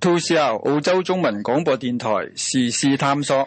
ToC 澳洲中文廣播電台，時事探索。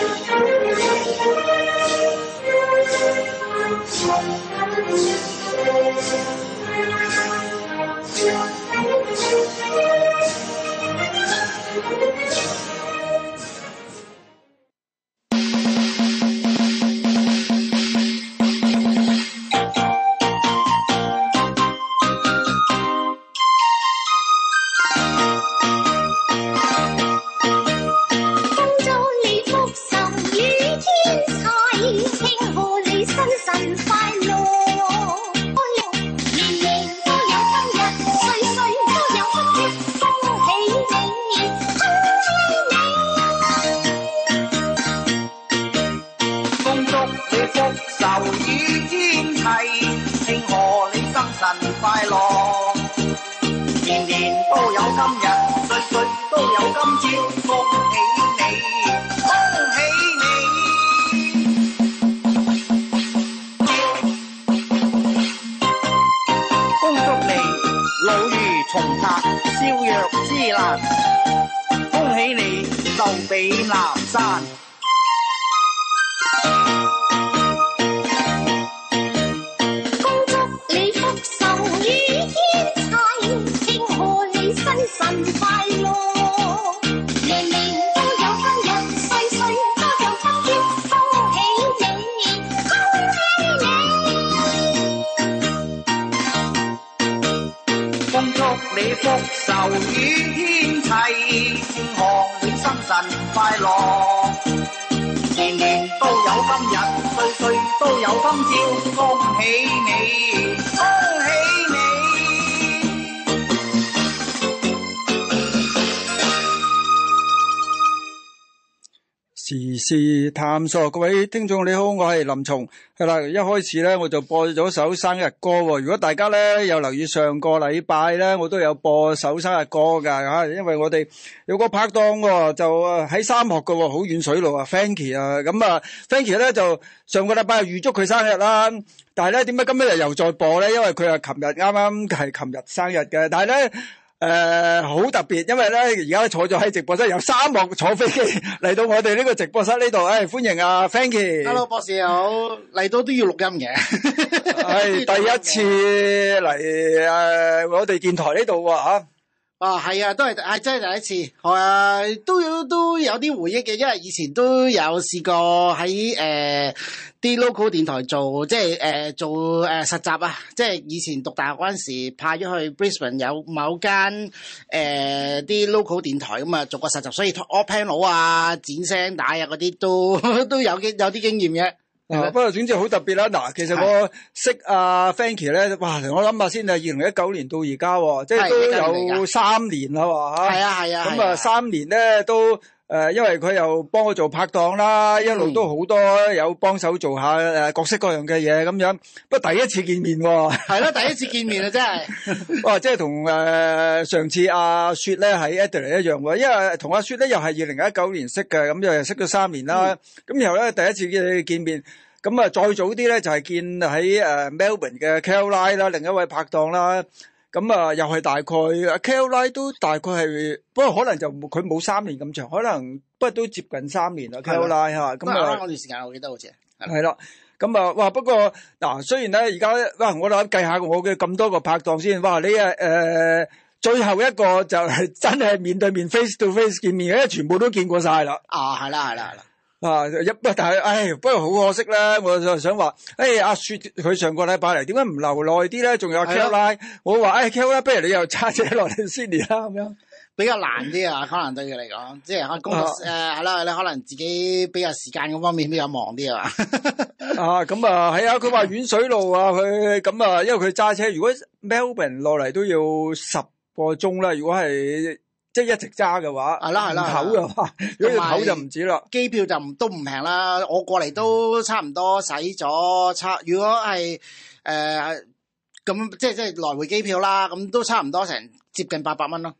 重踏逍遙之難，恭喜你壽比南山。壽與天齊，正康暖心神快樂，年年都有今日，歲歲都有今朝，恭喜你！時事探索，各位聽眾你好，我係林松。係啦，一開始咧我就播咗首生日歌、哦。如果大家咧有留意上個禮拜咧，我都有播首生日歌噶吓、啊，因為我哋有個拍檔、哦、就喺三學嘅，好遠水路啊 Fanky 啊。咁啊 Fanky 咧就上個禮拜預祝佢生日啦。但係咧，點解今日又再播咧？因為佢係琴日啱啱係琴日生日嘅，但係咧。誒，好、呃、特別，因為咧而家坐咗喺直播室，有沙漠坐飛機嚟到我哋呢個直播室呢度，誒、哎，歡迎阿、啊、Fanny。Hello，博士好，嚟到都要錄音嘅。誒 哎，第一次嚟誒、哎，我哋電台呢度啊，吓。啊，係、哦、啊，都係、哎，真係第一次，我、哎、都有都有啲回憶嘅，因為以前都有試過喺誒。呃啲 local 電台做即係、呃、做誒、呃、實習啊！即係以前讀大學嗰陣時派咗去 Brisbane 有某間誒啲 local 電台咁啊，做過實習，所以開 panel 啊、剪聲帶啊嗰啲都都有啲有啲經驗嘅、啊。不過總之好特別啦！嗱、啊，其實我識阿 Frankie 咧，哇的、啊！我諗下先2019啊，二零一九年到而家，即係都有三年啦喎，係啊係啊，咁啊三年咧都。誒，因為佢又幫我做拍檔啦，一路都好多有幫手做下誒各式各樣嘅嘢咁樣。不過第一次見面喎，係啦，第一次見面啊，真係。哇，即係同誒上次阿雪咧喺 Adelaide 一樣喎，因為同阿雪咧又係二零一九年識嘅，咁又識咗三年啦。咁然後咧第一次見面，咁啊再早啲咧就係見喺誒 Melbourne 嘅 Kellie 啦，另一位拍檔啦，咁啊，又係大概，啊 Kelley 都大概係，不過可能就佢冇三年咁長，可能不過都接近三年啦 Kelley 吓，咁吧啊，我段不、啊、時間，我記得好似係啦，咁啊，哇，不過嗱、啊，雖然咧而家，哇，我諗計下我嘅咁多個拍檔先，哇，你啊誒、呃，最後一個就係真係面對面 face to face 見面嘅，因為全部都見過晒啦，啊，係啦係啦係啦。啊一不，但係，唉、哎，不過好可惜啦。我就想話，唉、哎，阿雪佢上個禮拜嚟，點解唔留耐啲咧？仲有 k e l l i 我話，唉、哎、k e l l i 不如你又揸車落嚟先嚟啦，咁樣比較難啲啊。 可能對佢嚟講，即係工誒，係啦、啊啊，你可能自己比較時間嗰方面比較忙啲啊。 啊，咁、嗯、啊，係啊，佢話遠水路啊，佢咁啊，因為佢揸車，如果 Melbourne 落嚟都要十個鐘啦，如果係。即係一直揸嘅話，係啦係啦，唞嘅話如，如果要唞就唔止啦。機票就唔都唔平啦，我過嚟都差唔多使咗差。如果係誒咁，即係即係來回機票啦，咁都差唔多成接近八百蚊咯。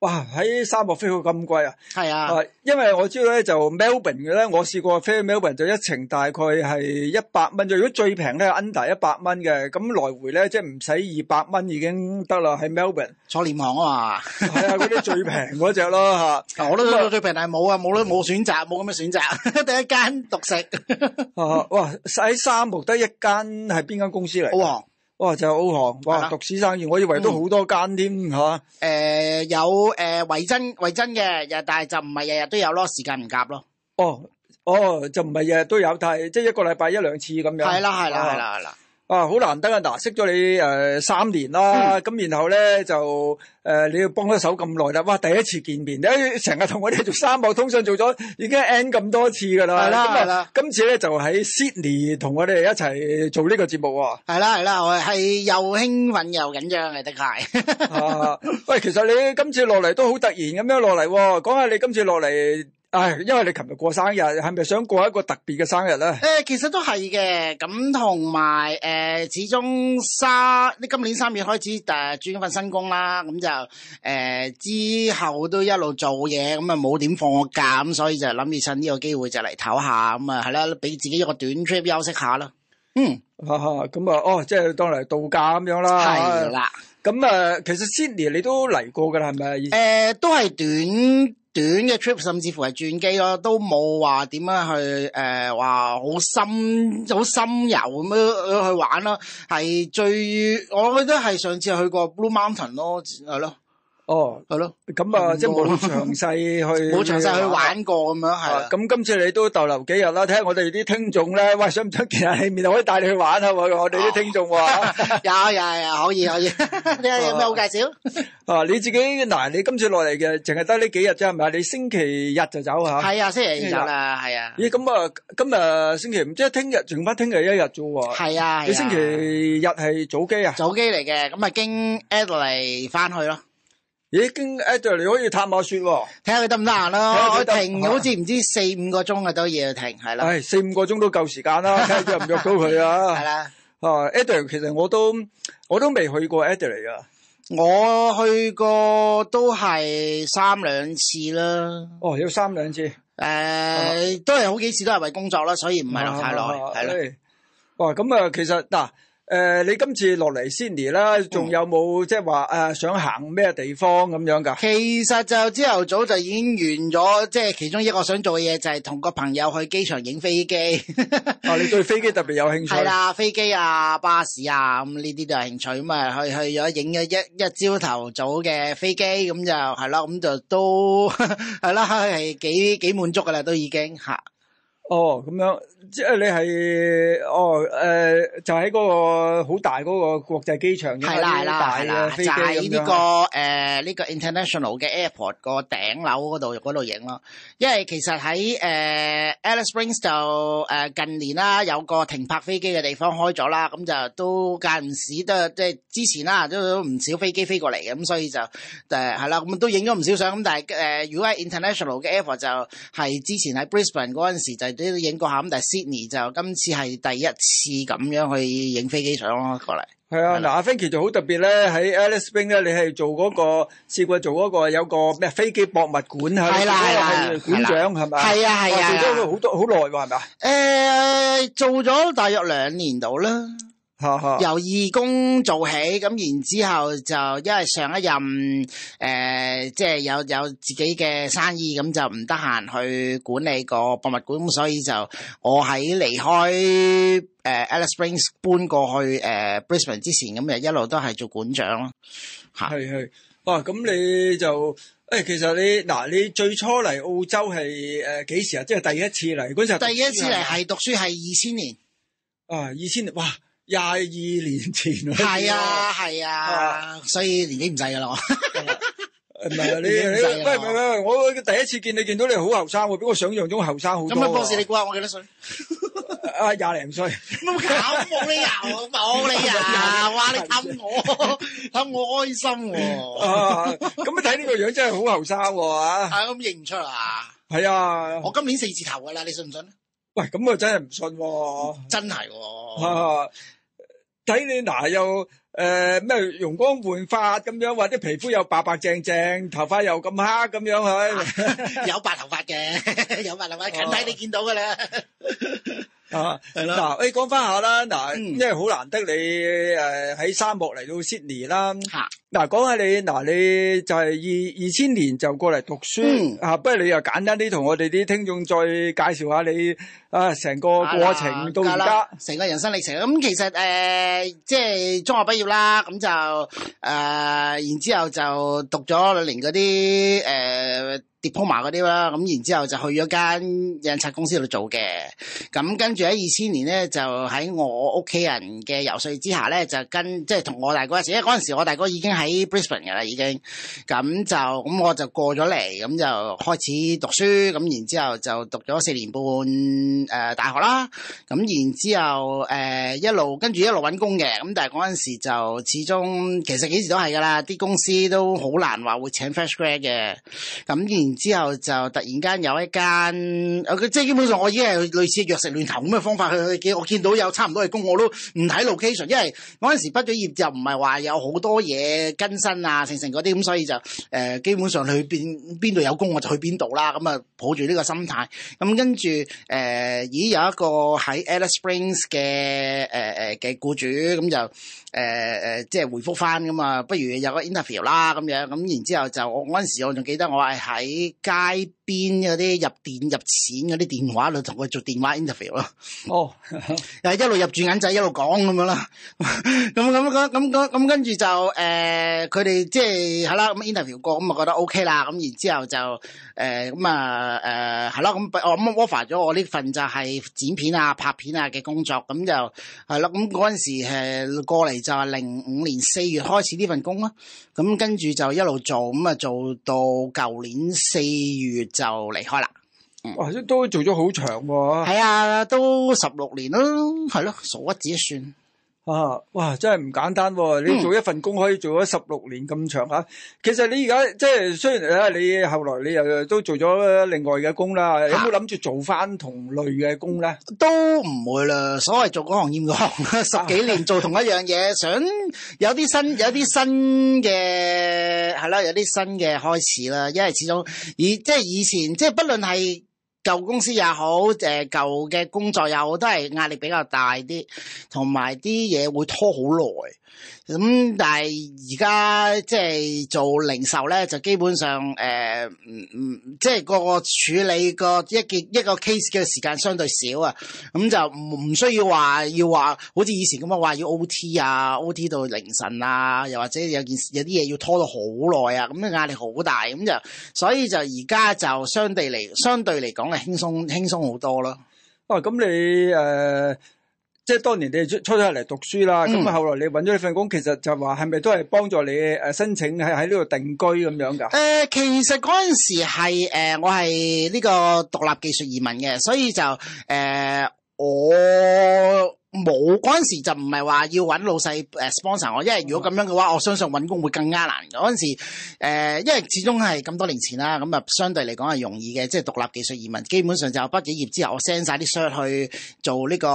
哇！喺沙漠飛去咁貴啊？係啊，啊，因為我知道咧就 Melbourne 嘅咧，我試過飛 Melbourne 就一程大概係一百蚊，就如果最平咧 under 一百蚊嘅，咁來回咧即係唔使二百蚊已經得啦。喺 Melbourne 坐廉航啊嘛，係 啊，嗰啲最平嗰隻咯吓。嗱、 啊，我都最平係冇啊，冇啦，冇選擇，冇咁嘅選擇，第一間獨食。哇！喺沙漠得一間係邊間公司嚟？好啊哦就係、哇！就澳航哇，讀書生意，我以為都好多間添吓。誒、啊呃，有誒維珍維珍嘅，日、呃、但係就唔係日日都有咯，時間唔夾咯。哦，哦，就唔係日日都有，但係即係一個禮拜一兩次咁樣。係啦，係啦，係啦、啊，係啦。啊，好難得啊！嗱，識咗你誒三年啦，咁、嗯、然後咧就誒、呃、你要幫出手咁耐啦，哇！第一次見面，你成日同我哋做三部通訊做咗已經 end 咁多次噶啦，係啦係啦，今次咧的就喺 Sydney 同我哋一齊做呢個節目喎，係啦係啦，我係又興奮又緊張嘅，的確是係、 啊。喂，其實你今次落嚟都好突然咁樣落嚟，講下你今次落嚟。唉，因為你琴日過生日，係咪想過一個特別嘅生日咧？誒、呃，其實都係嘅，咁同埋誒，始終三你今年三月開始誒轉咗份新工啦，咁、嗯、就誒、呃、之後都一路做嘢，咁啊冇點放過假，咁所以就諗住趁呢個機會就嚟唞下，咁啊係啦，俾自己一個短 trip 休息下啦。嗯，咁啊，啊，啊，哦，即係當嚟度假咁樣啦。係啦，咁啊，其實 Sydney 你都嚟過㗎啦，係咪？誒、呃，都係短。短嘅 trip 甚至乎係轉機咯，都冇話點樣去誒話好深好深遊咁樣去玩咯，係最我覺得係上次去過 Blue Mountain 咯，係咯。哦，係咯，咁啊，即係冇詳細去，冇詳細去玩過咁樣係。咁今次你都逗留幾日啦？睇下我哋啲聽眾咧，喂，想唔想其他戲面，可以帶你去玩下？我哋啲聽眾喎，有有有，可以可以，睇下有咩好介紹。啊，你自己嗱，你今次落嚟嘅淨係得呢幾日啫，係咪？你星期日就走吓？係啊，星期日啊，係啊。咦，咁啊，今日星期五，即係聽日，剩翻聽日一日做喎。係啊，你星期日係早機啊？早機嚟嘅，咁啊經 Ad 嚟翻去咯。已經 Eddie 嚟，可以探下雪喎，睇下佢得唔得閒啦。我停好似唔知四五個鐘啊，都要停，係啦。係四五個鐘都夠時間啦，睇下約唔約到佢啊。係啦，啊，Eddie 其實我都我都未去過 Eddie 嚟啊。我去過都係三兩次啦。哦，有三兩次，誒，都係好幾次都係為工作啦，所以唔係落太耐，係咯。哇，咁啊，其實嗱。誒、呃，你今次落嚟 Sydney 啦，仲有冇即係話誒想行咩地方咁樣噶？其實就朝頭早就已經完咗，即、就、係、是、其中一個想做嘅嘢就係同個朋友去機場影飛機。哦、啊，你對飛機特別有興趣？係 啦，飛機啊，巴士啊，咁呢啲都係興趣。咁、嗯、啊去去咗影咗一一朝頭早嘅飛機，咁就係啦，咁就都係 啦，係幾幾滿足噶啦，都已經吓。哦，咁樣，即係你係哦，誒、呃，就喺、是、嗰個好大嗰個國際機場嘅好大嘅飛機啦係啦就喺、是、呢、這個誒呢的、呃這個 international 嘅 airport 個頂樓嗰度嗰度影咯。因為其實喺誒、呃、Alice Springs 就誒近年啦、啊，有個停泊飛機嘅地方開咗啦，咁就都間唔時都即係之前啦、啊、都唔少飛機飛過嚟嘅，咁所以就誒係啦，咁都影咗唔少相。咁但係誒、呃、如果係 international 嘅 airport 就係之前喺 Brisbane 嗰陣時就。你都影過下，咁但係 Sydney 就今次係第一次咁樣去影飛機相咯，過嚟。係啊，嗱吧，阿、啊、Finkie 其實好特別咧，喺 Alice Springs 咧，你係做嗰、嗰個，試過做嗰個，有個，有個咩飛機博物館，係，係啦，係館長，係嘛，係啊係啊，做咗好多好耐喎，係嘛？誒，做咗大約兩年度啦。由義工做起，咁然之後就因為上一任誒，即係有有自己嘅生意，咁就唔得閒去管理個博物館，咁所以就我喺離開誒 Alice Springs 搬過去誒 Brisbane 之前，咁就一路都係做館長咯。吓，係係，哇！咁你就誒，其實你嗱，你最初嚟澳洲係誒幾時啊？即係第一次嚟嗰陣？第一次嚟係讀書，係二千年。啊，二千年哇！廿二年前係啊，係啊，所以年紀唔細噶啦，唔係啊，你唔，我第一次見你見到你好後生，比我想象中後生好多。咁阿博你估下我幾多歲？啊，廿零歲。咁冇理由，冇理由，哇！你氹我，氹我開心。喎。咁你睇呢個樣真係好後生喎，係咁認唔出啊？係啊。我今年四字頭噶啦，你信唔信？喂，咁我真係唔信。真係係。睇你嗱又誒咩、呃、容光煥發咁樣，或者皮膚又白白淨淨，頭髮又咁黑咁樣去，啊、 有白頭髮嘅， 有白頭髮、哦、近睇你見到噶啦。 啊，嗱的，誒、啊，講翻下啦，嗱、啊，嗯、因為好難得你誒喺、呃、沙漠嚟到悉尼啦，嗱、啊，講、啊、下你，嗱、啊，你就係二二千年就過嚟讀書，吓、嗯啊，不如你又簡單啲同我哋啲聽眾再介紹下你，啊，成個過程到而家，成、啊、個人生歷程，咁、嗯、其實誒，即、呃、係、就是、中學畢業啦，咁就誒、呃，然之後就讀咗兩年嗰啲誒。呃 Diploma 嗰啲啦，咁然之後就去咗間印刷公司度做嘅，咁跟住喺二千年咧就喺我屋企人嘅游説之下咧，就跟即係同我大哥一齊，因為嗰陣時我大哥已經喺 Brisbane 㗎啦已經，咁就咁我就過咗嚟，咁就開始讀書，咁然之後就讀咗四年半誒、呃、大學啦，咁然之後、呃、後一路跟住一路揾工嘅，咁但係嗰陣時就始終其實幾時都係㗎啦，啲公司都好難話會請 fresh grad 嘅，咁然。然之後就突然間有一間，佢即係基本上我已經係類似藥石亂投咁嘅方法去去見，我見到有差唔多嘅工我都唔睇 location，因為嗰陣時畢咗業，業就唔係話有好多嘢更新啊、成成嗰啲，咁所以就、呃、基本上去邊邊度有工我就去邊度啦，咁啊抱住呢個心態，咁跟住誒已經有一個喺 Alice Springs 嘅誒嘅僱主，咁、呃、就。誒誒、呃呃，即係回覆翻咁啊，不如有個 interview 啦，咁樣咁，然之後就我嗰陣時，我仲記得我係喺街。邊嗰啲入電入錢嗰啲電話度同佢做電話 interview 咯。哦、oh. 又一路入住眼仔，一路講咁樣啦。咁咁咁咁跟住就誒，佢哋即係係啦，咁、就是、interview 過，咁、嗯、啊覺得 OK 啦。咁然之後就誒，咁、欸嗯、啊誒係啦，咁、嗯、我我 offer 咗我呢份就係剪片啊、拍片啊嘅工作，咁就係啦。咁嗰陣時係過嚟就係零五年四月開始呢份工啦。咁、嗯、跟住就一路做，咁、嗯、啊做到舊年四月。就離開啦！哇，都做咗好長，係啊，都十六年咯，係咯，傻一子算。啊！哇，真係唔簡單，啊，你做一份工可以做咗十六年咁長吓。嗯、其實你而家即係雖然咧，你後來你又都做咗另外嘅工啦，啊、有冇諗住做翻同類嘅工咧？都唔會啦，所謂做嗰行厭嗰行，十幾年做同一樣嘢，啊、想有啲新有啲新嘅，係啦，有啲新嘅開始啦。因為始終以即係以前，即係不論係。舊公司也好，誒，舊嘅工作又好，都係壓力比較大啲，同埋啲嘢會拖好耐。咁、嗯、但係而家即係做零售咧，就基本上誒，唔、呃、唔，即係個個處理一個一件一個 case 嘅時間相對少啊，咁、嗯、就唔唔需要話要話好似以前咁樣話要 OT 啊，OT 到凌晨啊，又或者有件事有啲嘢要拖到好耐啊，咁、嗯、壓力好大，咁、嗯、就所以就而家就相對嚟相對嚟講係輕鬆輕鬆好多啦、啊。哇，咁你誒。即係當年你出出咗嚟讀書啦，咁後來你搵咗呢份工、嗯其呃，其實就話係咪都係幫助你誒申請喺喺呢度定居咁樣噶？誒、呃，其實嗰陣時係誒我係呢個獨立技術移民嘅，所以就誒、呃、我。冇嗰陣時就唔係話要揾老細 sponsor 我，因為如果咁樣嘅話，我相信揾工會更加難。嗰陣時、呃、因為始終係咁多年前啦，咁啊相對嚟講係容易嘅，即係獨立技術移民，基本上就畢咗業之後，我 send 晒啲 cert 去做呢、呢個、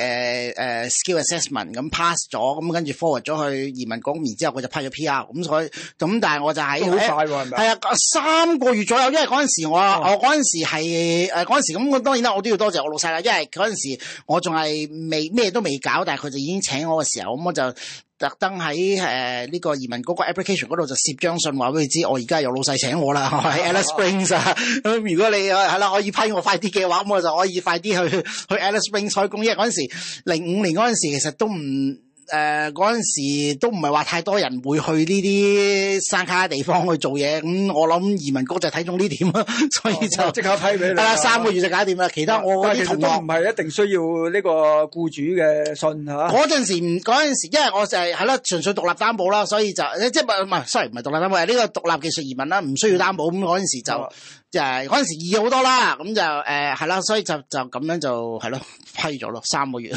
呃、skill assessment，咁 pass 咗，咁跟住 forward 咗去移民局，然之後我就批咗 PR，咁所以咁但係我就係、係，好快喎，係啊，三個月左右，因為嗰陣時我、哦、我嗰陣時係誒嗰時咁，我當然啦，我都要多謝我老細啦，因為嗰陣時我仲係未咩。都未搞，但係佢就已經請我嘅時候，咁我就特登喺誒呢個移民嗰個 application 嗰度就攝張信，話俾你知，我而家有老細請我啦，喺好 Alice Springs 啊。 如果你係啦，可以批我快啲嘅話，咁我就可以快啲去去 Alice Springs 開工，因為嗰陣時，零五年嗰陣時其實都唔。誒，嗰陣、呃、時都唔係話太多人會去呢啲山卡地方去做嘢，咁、嗯、我諗移民局就睇中呢點，所以就即刻批俾你。係啊，三個月就搞掂啦，其他我嗰啲同學唔係一定需要呢個僱主嘅信吓。嗰、啊、陣時唔，嗰陣時因為我就係係啦，純粹獨立擔保啦，所以就即係唔係，sorry，唔係獨立擔保，係呢個獨立技術移民啦，唔需要擔保。咁嗰陣時就。嗯嗯、就嗰陣時熱好多啦，咁就誒係啦，所以就就咁樣就係咯批咗咯，三個月。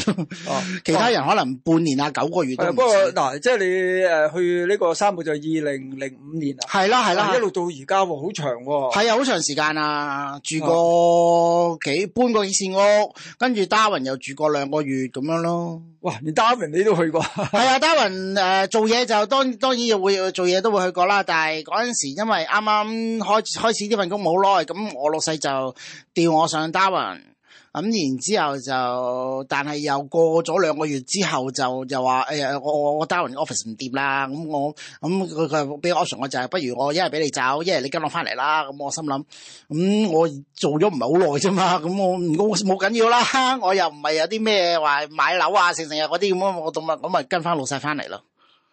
哦、啊，其他人可能半年啊九個月都唔。不過嗱、呃，即係你誒、呃、去呢個沙漠就二零零五年啊，係啦係啦，一路的的到而家好長。係啊，好長時間啊，住過幾搬過幾次屋，跟住 Darwin 又住過兩個月咁樣咯。啊哇！連 Darwin 你都去過，係啊，Darwin 誒，做嘢就當然當然會做嘢都會去過啦，但係嗰陣時因為啱啱開開始呢份工冇耐，咁我老細就調我上 Darwin。咁然之後就，但係又過咗兩個月之後就、哎、呀就話，誒我我我 darwin office 唔掂啦，咁我咁佢佢俾 option 我就係，不如我一係俾你走，一係你跟我翻嚟啦。咁我心諗，咁、嗯、我做咗唔係好耐啫嘛，咁我唔我冇緊要啦，我又唔係有啲咩話買樓啊，成成日嗰啲咁，我咁啊咁啊跟翻老細翻嚟咯。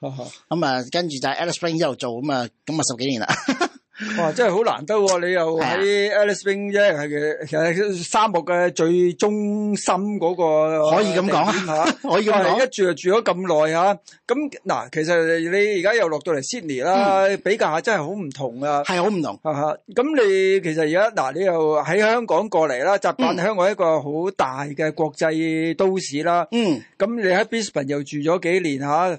咁啊，跟 住就係 alice spring 一路做，咁啊咁啊十幾年啦。 哇！真係好難得，你又喺 Alice Springs 即係其實，啊、沙漠嘅最中心嗰個。可以咁講吓，可以咁講。啊、你一住就住咗咁耐吓，咁、啊、嗱，其實你而家又落到嚟 Sydney 啦，嗯，比較下真係好唔同，同啊，係好唔同，吓，咁你其實而家嗱，你又喺香港過嚟啦，習慣香港一個好大嘅國際都市啦，嗯，咁你喺 Brisbane 又住咗幾年吓。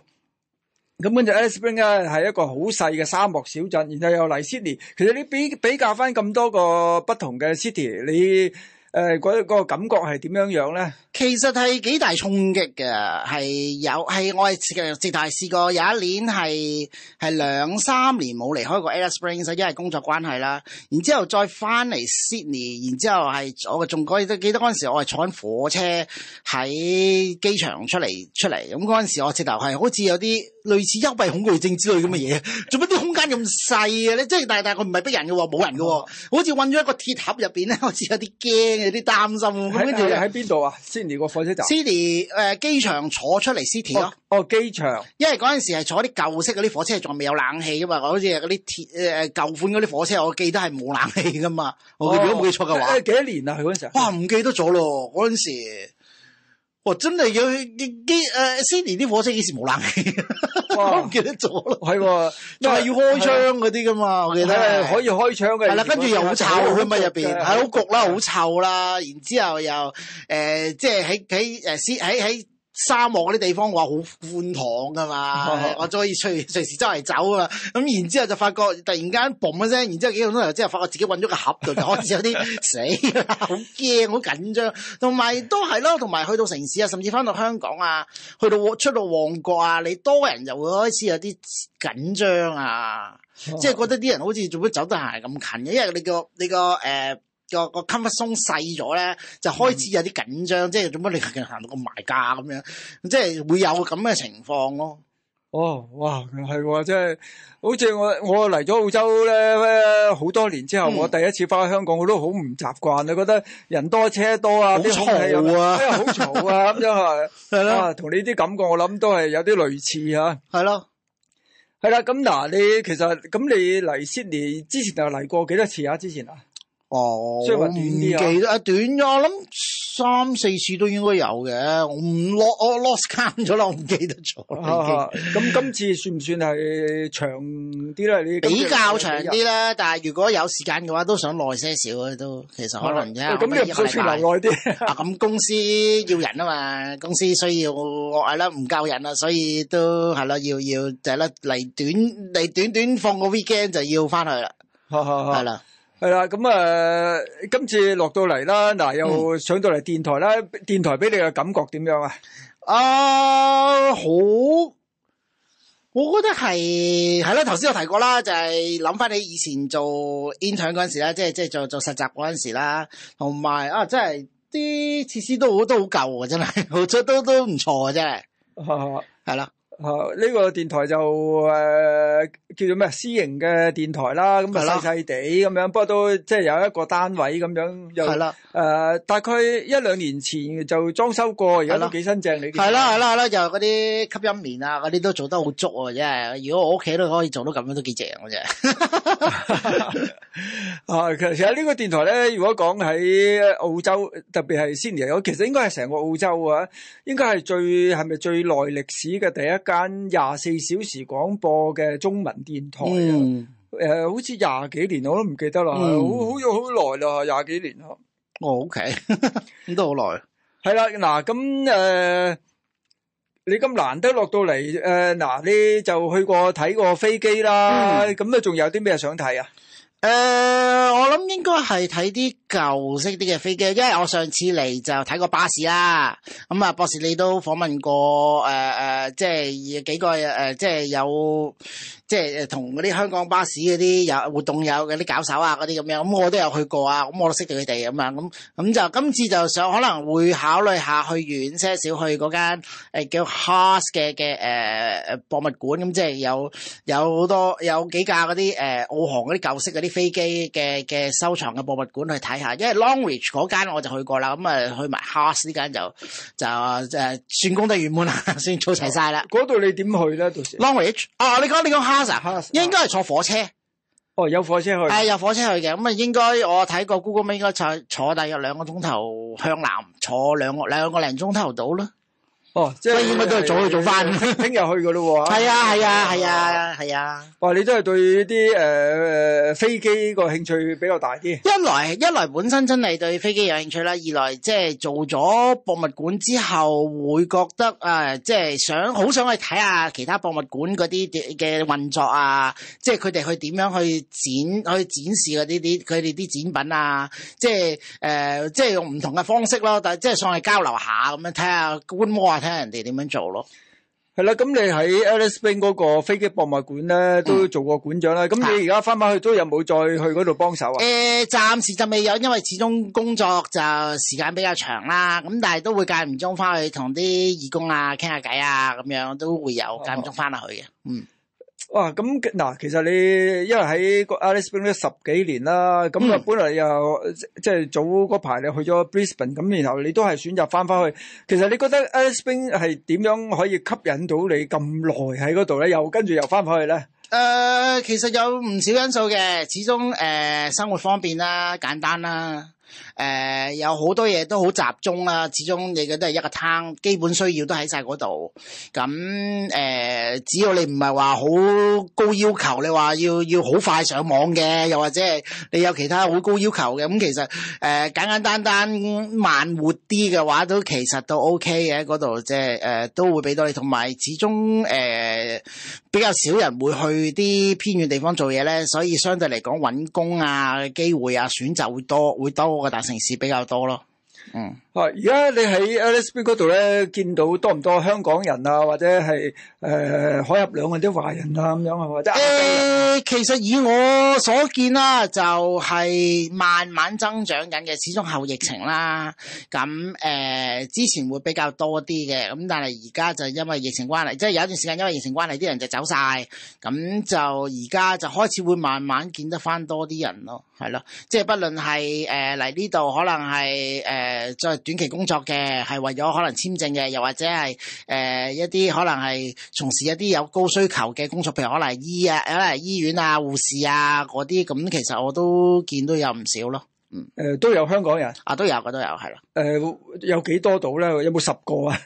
根本就 Alice Springs 係一個好細嘅沙漠小鎮，然後又嚟 Sydney，其實你比比較翻咁多個不同嘅 city 你誒，嗰、呃嗰個嗰個感覺係點樣樣咧？其實係幾大衝擊嘅，係有係我係直頭係試過，有一年係係兩三年冇離開過 Alice Springs，因為工作關係啦。然之後再翻嚟 Sydney，然之後係我仲改都記得嗰陣時，我係坐緊火車喺機場出嚟出嚟，咁嗰陣時我直頭係好似有啲類似幽閉恐懼症之類咁嘅嘢，做乜啲空間咁細啊？你即係但係但係佢唔係逼人嘅，冇人嘅，哦、好似韞咗一個鐵盒入邊咧，好似有啲驚。有啲擔心喎，喺喺邊度啊？Sydney 個火車站，Sydney、呃、機場坐出嚟 Sydney 咯、哦，哦機場，因為嗰陣時係坐啲舊式嗰啲火車，仲未有冷氣噶嘛，好似嗰啲鐵、誒舊款嗰啲火車，我記得係冇冷氣噶嘛，我如果冇記錯嘅話，誒、哦哦呃、幾多年啊？佢嗰陣時，哇唔記得咗咯，嗰陣時。我真係要 s 誒，Sydney 啲火車幾時冇冷氣？我唔記得咗咯，係，因為要開窗嗰啲噶嘛，我記得可以開窗嘅。係啦，跟住又好臭噶嘛，入邊係好焗啦，好臭啦，然之後又誒，即係喺喺誒，喺喺。沙漠嗰啲地方話好寬敞㗎嘛，嗯、我再可以隨時周圍走啊。咁、嗯、然之後就發覺突然間嘣一聲，然之後幾個鐘頭之後發覺自己搵咗個盒度，就開始有啲死，好驚好緊張。同埋、嗯、都係咯，同埋去到城市啊，甚至翻到香港啊，去到出到旺角啊，你多人就會開始有啲緊張啊，即係、嗯、覺得啲人好似做乜走得係咁近嘅，因為你個你個誒。呃個個 income source 細咗咧，就開始有啲緊張，即係做乜你行到咁埋價咁樣，即係會有咁嘅情況咯。哦，哇，係喎，即係好似我我嚟咗澳洲咧，好、呃、多年之後，嗯、我第一次翻去香港，我都好唔習慣啊，覺得人多車多啊，啲空氣啊，好嘈、嗯、啊，咁樣係係同你啲感覺我諗都係有啲類似啊，係咯的，係啦。咁嗱，你其實咁你嚟悉尼之前就嚟過幾多次啊？之前啊？哦，即係話短啲啊？短咗，我諗三四次都應該有嘅。我唔落，我 lost count 咗啦，唔記得咗。咁今次算唔算係長啲呢？你比較長啲啦，但係如果有時間嘅話，都想耐些少嘅都，其實可能嘅。咁又想停留耐啲啊？咁公司要人啊嘛，公司需要我係啦，唔夠人啦，所以都係啦，要要就係啦，嚟短嚟短短放個 weekend 就要返去啦。好好好，係啦。係啦，咁啊，呃，今次落到嚟啦，嗱又上到嚟電台啦，嗯，電台俾你嘅感覺點樣啊？啊，好，我覺得係係啦，頭先有提過啦，就係諗翻你以前做 intern 嗰陣時啦，即係即係做做實習嗰陣時啦，同埋啊，即係啲設施都好都好舊啊，真係，都都都唔錯啊，真係，係啦。呢、哦這個電台就誒、呃、叫做咩？私營嘅電台啦，咁啊細細地咁樣小小，不過都即係有一個單位咁樣。係啦。誒的、呃，大概一兩年前就裝修過，而家的都幾新淨。你係啦係啦係啦，就嗰啲吸音棉啊，嗰啲都做得好足啊！真係，如果我屋企都可以做到咁樣都，都幾正嘅真係。啊，其實其實呢個電台咧，如果講喺澳洲，特別係悉尼，我其實應該係成個澳洲啊，應該係最係咪最耐歷史嘅第一。間廿四小時廣播嘅中文電台啊，誒、嗯、呃，好似廿幾年我都唔記得啦，好好有好耐啦，廿幾年嗬。我、oh, OK，應該好耐。係啦，嗱咁誒，你咁難得落到嚟，誒，嗱，你就去過睇過飛機啦，咁你仲有啲咩想睇啊？誒、呃，我諗應該係睇啲。舊式啲嘅飛機，因為我上次嚟,就睇過巴士啦。咁啊，博士你都訪問過誒誒，即係幾個誒，即係有即係誒同嗰啲香港巴士嗰啲有活動有啲搞手啊，嗰啲咁樣。咁我都有去過啊，咁我都識到佢哋咁樣。咁咁就今次就想可能會考慮下去遠些少去嗰間誒叫 h a s 嘅嘅誒博物館，咁即係有有好多有幾架嗰啲誒澳航嗰啲舊式嗰啲飛機嘅嘅收藏嘅博物館去睇。因為 Longwich 嗰間我就去過啦，咁啊去埋 Hars 呢間就就誒算功德完滿啦，先做齊晒啦。嗰度你點去咧？Longwich 啊，你講你講 Hars 啊 Hars 應該係坐火車。哦，有火車去。係、哎、有火車去嘅，咁啊應該我睇過 Google map，應該坐坐大約兩個鐘頭向南，坐兩個兩個零鐘頭到啦。哦、即係咁 啊，都係早去做翻，聽日去噶咯喎。係啊，係啊，係啊，係啊。哇、哦，你真係對啲誒、呃、飛機個興趣比較大啲。一來一來，本身真係對飛機有興趣啦。二來即係、就是、做咗博物館之後，會覺得誒，即、呃、係、就是、想好想去睇下其他博物館嗰啲嘅運作啊，即係佢哋去點樣去展去展示嗰啲啲佢哋啲展品啊，即係誒，即、呃、係、就是、用唔同嘅方式咯，但即係上去交流下咁樣，睇下觀摩啊。睇人哋點樣做咯，係啦，咁你喺 Alice Springs 嗰個飛機博物館咧，都做過館長啦，咁你而家翻返去都有冇再去嗰度幫手啊？誒，暫時就未有，因為始終工作就時間比較長啦，咁但係都會間唔中翻去同啲義工啊傾下偈啊，咁樣都會有間唔中翻下去嘅，嗯。哇，咁嗱，其實你因為喺 Alice Springs 十幾年啦，咁啊本嚟又、嗯、即係早嗰排你去咗 Brisbane，咁然後你都係選擇翻翻去。其實你覺得 Alice Springs 係點樣可以吸引到你咁耐喺嗰度咧？又跟住又翻翻去咧？誒、呃，其實有唔少因素嘅，始終誒、呃、生活方便啦、啊，簡單啦、啊。誒、呃、有好多嘢都好集中啦、啊，始終你覺得係一個攤，基本需要都喺晒嗰度。咁誒、呃、只要你唔係話好高要求，你話要要好快上網嘅，又或者係你有其他好高要求嘅，咁、嗯、其實誒、呃、簡簡單單慢活啲嘅話都其實都 OK 嘅嗰度即係誒都會俾到你。同埋始終誒、呃、比較少人會去啲偏遠地方做嘢咧，所以相對嚟講揾工啊機會啊選擇會多會多嘅，但。城市比較多咯，嗯，啊，而家你喺阿聯酋嗰度咧，見到多唔多香港人啊？或者係誒、呃、海合兩岸啲華人啊咁樣啊，或者亞、欸啊、其實以我所見啦，就係慢慢增長緊嘅，始終後疫情啦，咁誒、嗯呃、之前會比較多啲嘅，咁但係而家就因為疫情關係，即、就、係、是、有一段時間因為疫情關係，啲人就走晒，咁就而家就開始會慢慢見得翻多啲人咯。係咯，即係不論係誒嚟呢度，可能係誒在短期工作嘅，係為咗可能簽證嘅，又或者係誒、呃、一啲可能係從事一啲有高需求嘅工作，譬如可能醫啊，可能醫院啊，護士啊嗰啲，咁其實我都見到有唔少咯。嗯，誒都有香港人啊，都有，嘅，都有係啦。誒、呃，有幾多度咧？有冇十個啊？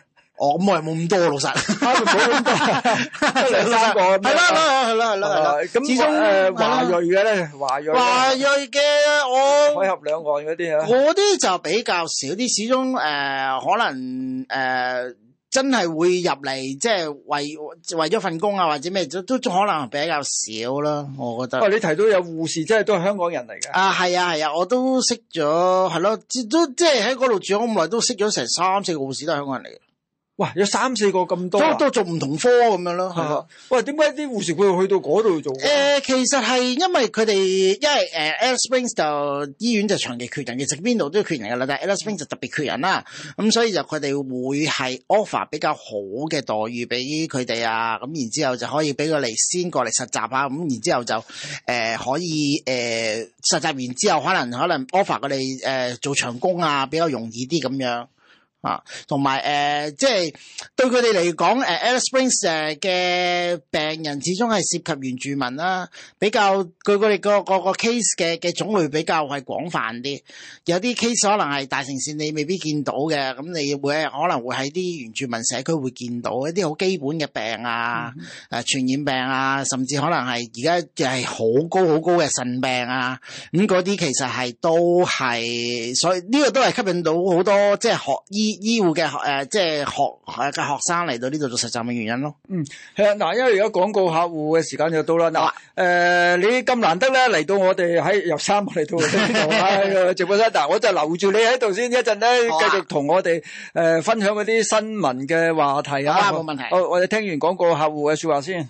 哦、我咁我冇咁多，老實，冇咁 多，得三個，係啦， 係啦，係啦，係啦，咁、啊、始終華裔嘅咧，華裔嘅我海峽兩岸嗰啲啊，我啲就比較少啲，始終誒可能誒真係會入嚟，即、就、係、是、為為咗份工啊，或者咩都都可能比較少啦。我覺得，哇、啊！你提到有護士，即係都係香港人嚟嘅啊，係啊，係啊，我都識咗係咯，都即係喺度住咁耐，都識咗成三四個護士都係香港人嚟嘅。哇，有三四個咁多，都做唔同科咁樣咯。係喂，點解啲護士佢會去到嗰度做？誒、呃，其實係因為佢哋，因為誒 Alice Springs 就醫院就長期缺人，其實邊度都缺人噶啦，但係 Alice Springs 就特別缺人啦、啊。咁所以就佢哋會係 offer 比較好嘅待遇俾佢哋啊。咁然之後就可以俾佢哋先過嚟實習下。咁然之後就誒、呃、可以誒、呃、實習完之後可能可能 offer 佢哋誒、呃、做長工啊，比較容易啲咁樣。啊，同埋誒即係對佢哋嚟講誒 Alice Springs 嘅病人始終係涉及原住民啦、啊，比較佢佢哋個個個 case 嘅嘅種類比較係廣泛啲，有啲 case 可能係大城市你未必見到嘅，咁你會可能會喺啲原住民社區會見到一啲好基本嘅病啊，誒傳、嗯啊、染病啊，甚至可能係而家就係好高好高嘅腎病啊，咁嗰啲其實係都係，所以呢、呢個都係吸引到好多即係、就是、學醫。醫護嘅學誒、呃，即係學嘅學，學，學生嚟到呢度做實習嘅原因咯。嗯，係啊，嗱，因為而家廣告客戶嘅時間就到啦。嗱、啊，誒、呃，你咁難得咧嚟到我哋喺由沙漠嚟到呢度，直播室。嗱，我就留住你喺度先，一陣咧繼續同我哋誒、呃、分享嗰啲新聞嘅話題啊。冇、啊、問題。啊、我我哋聽完廣告客戶嘅說話先。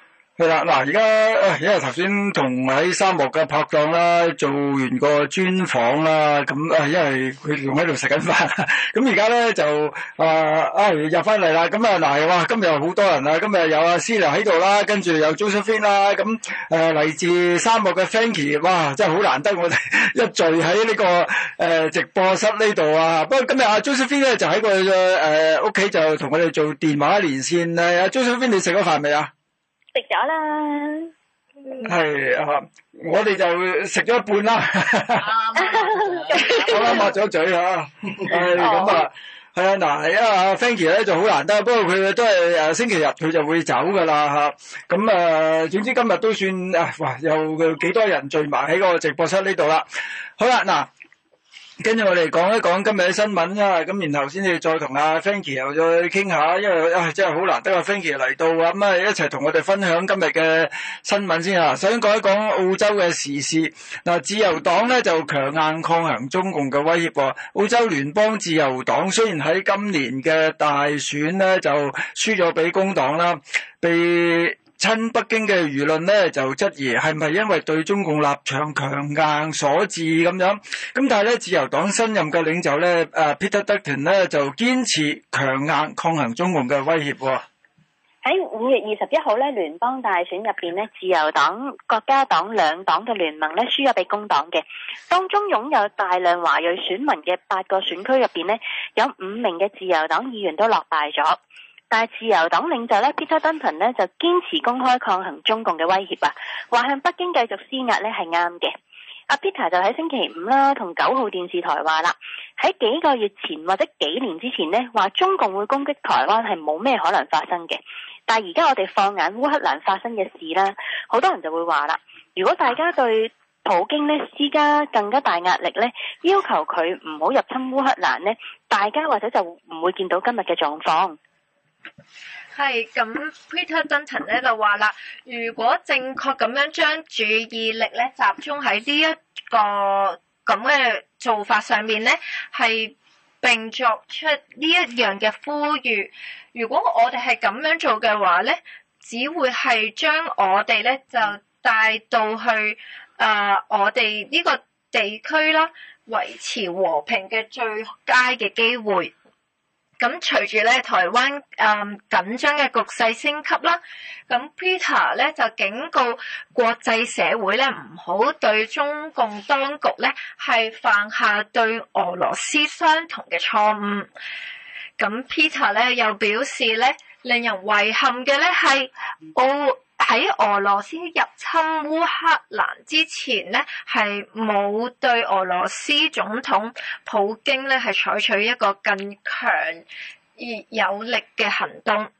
係啦，嗱、啊，而家、哎、因為頭先同喺沙漠嘅拍檔啦，做完個專訪啦，咁啊，因為佢仲喺度食緊飯，咁而家咧就啊，啊、呃哎、入翻嚟啦，咁啊，嗱，哇，今日有好多人啦，今日有阿 Celia 喺度啦，跟住有 Josephine 啦，咁、呃、誒，嚟自沙漠嘅 Fanky 哇，真係好難得我哋一聚喺呢、這個誒、呃、直播室呢度啊，不過今日阿、啊、Josephine 咧就喺佢嘅誒屋企就同我哋做電話一連線啦，阿、啊、Josephine 你食咗飯未啊？食咗啦、嗯，係啊！我哋就食咗一半啦，咁啦，抹咗嘴啊！誒，咁啊，係 是啊！嗱，因為 Fanky 咧就好難得，不過佢都係誒星期日佢就會走噶啦吓。咁啊、嗯，總之今日都算啊，哇！又幾多人聚埋喺個直播室呢度啦。好啦，嗱。跟住我哋講一講今日嘅新聞啦，咁然後先至再同阿 Frankie 又再傾下，因為、哎、真係好難得阿 Frankie 嚟到啊，咁啊一齊同我哋分享今日嘅新聞先啊！想講一講澳洲嘅時事，嗱，自由黨咧就強硬抗衡中共嘅威脅喎。澳洲聯邦自由黨雖然喺今年嘅大選咧就輸咗俾工黨啦，被。親北京嘅輿論呢，就質疑係咪因為對中共立場強硬所致咁樣？咁但係咧，自由黨新任嘅領袖咧，誒 Peter Dutton 呢，就堅持強硬抗衡中共嘅威脅喎、哦。喺五月二十一號咧，聯邦大選入邊呢，自由黨、國家黨兩黨嘅聯盟咧輸咗俾工黨嘅。當中擁有大量華裔選民嘅八個選區入邊呢，有五名嘅自由黨議員都落敗咗。但係自由黨領袖咧，Peter Dutton 咧就堅持公開抗衡中共嘅威脅啊，話向北京繼續施壓咧係啱嘅。阿 Peter Dutton 就喺星期五啦，同九號電視台話啦，喺幾個月前或者幾年之前呢，話中共會攻擊台灣係冇咩可能發生嘅。但係而家我哋放眼烏克蘭發生嘅事啦，好多人就會話啦，如果大家對普京呢施加更加大壓力呢，要求佢唔好入侵烏克蘭呢，大家或者就唔會見到今日嘅狀況。係咁，Peter Dutton 咧就話啦，如果正確咁樣將注意力咧集中喺呢一個咁嘅做法上面咧，係並作出呢一樣嘅呼籲。如果我哋係咁樣做嘅話咧，只會係將我哋咧就帶到去誒、呃，我哋呢個地區啦，維持和平嘅最佳嘅機會。咁隨住咧台灣、嗯、緊張嘅局勢升級啦，咁 Peter 咧就警告國際社會咧唔好對中共當局咧係犯下對俄羅斯相同嘅錯誤。咁 Peter 咧又表示咧，令人遺憾嘅咧係澳喺俄羅斯入侵烏克蘭之前呢係冇對俄羅斯總統普京呢係採取一個更強而有力嘅行動。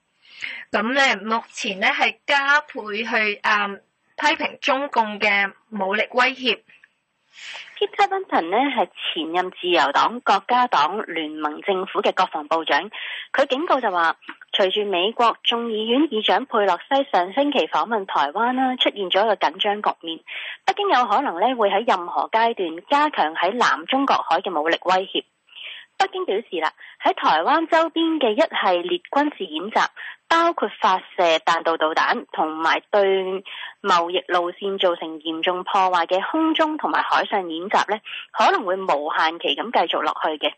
咁咧，目前呢係加倍去啊、嗯、批評中共嘅武力威脅。Peter Dutton 呢係前任自由黨國家黨聯盟政府嘅國防部長，佢警告就話。隨住美國眾議院議長佩洛西上星期訪問台灣啦，出現咗一個緊張局面。北京有可能呢會喺任何階段加強喺南中國海嘅武力威脅。北京表示啦，喺台灣周邊嘅一系列軍事演習，包括發射彈道導彈同埋對貿易路線造成嚴重破壞嘅空中同埋海上演習呢可能會無限期咁繼續落去嘅。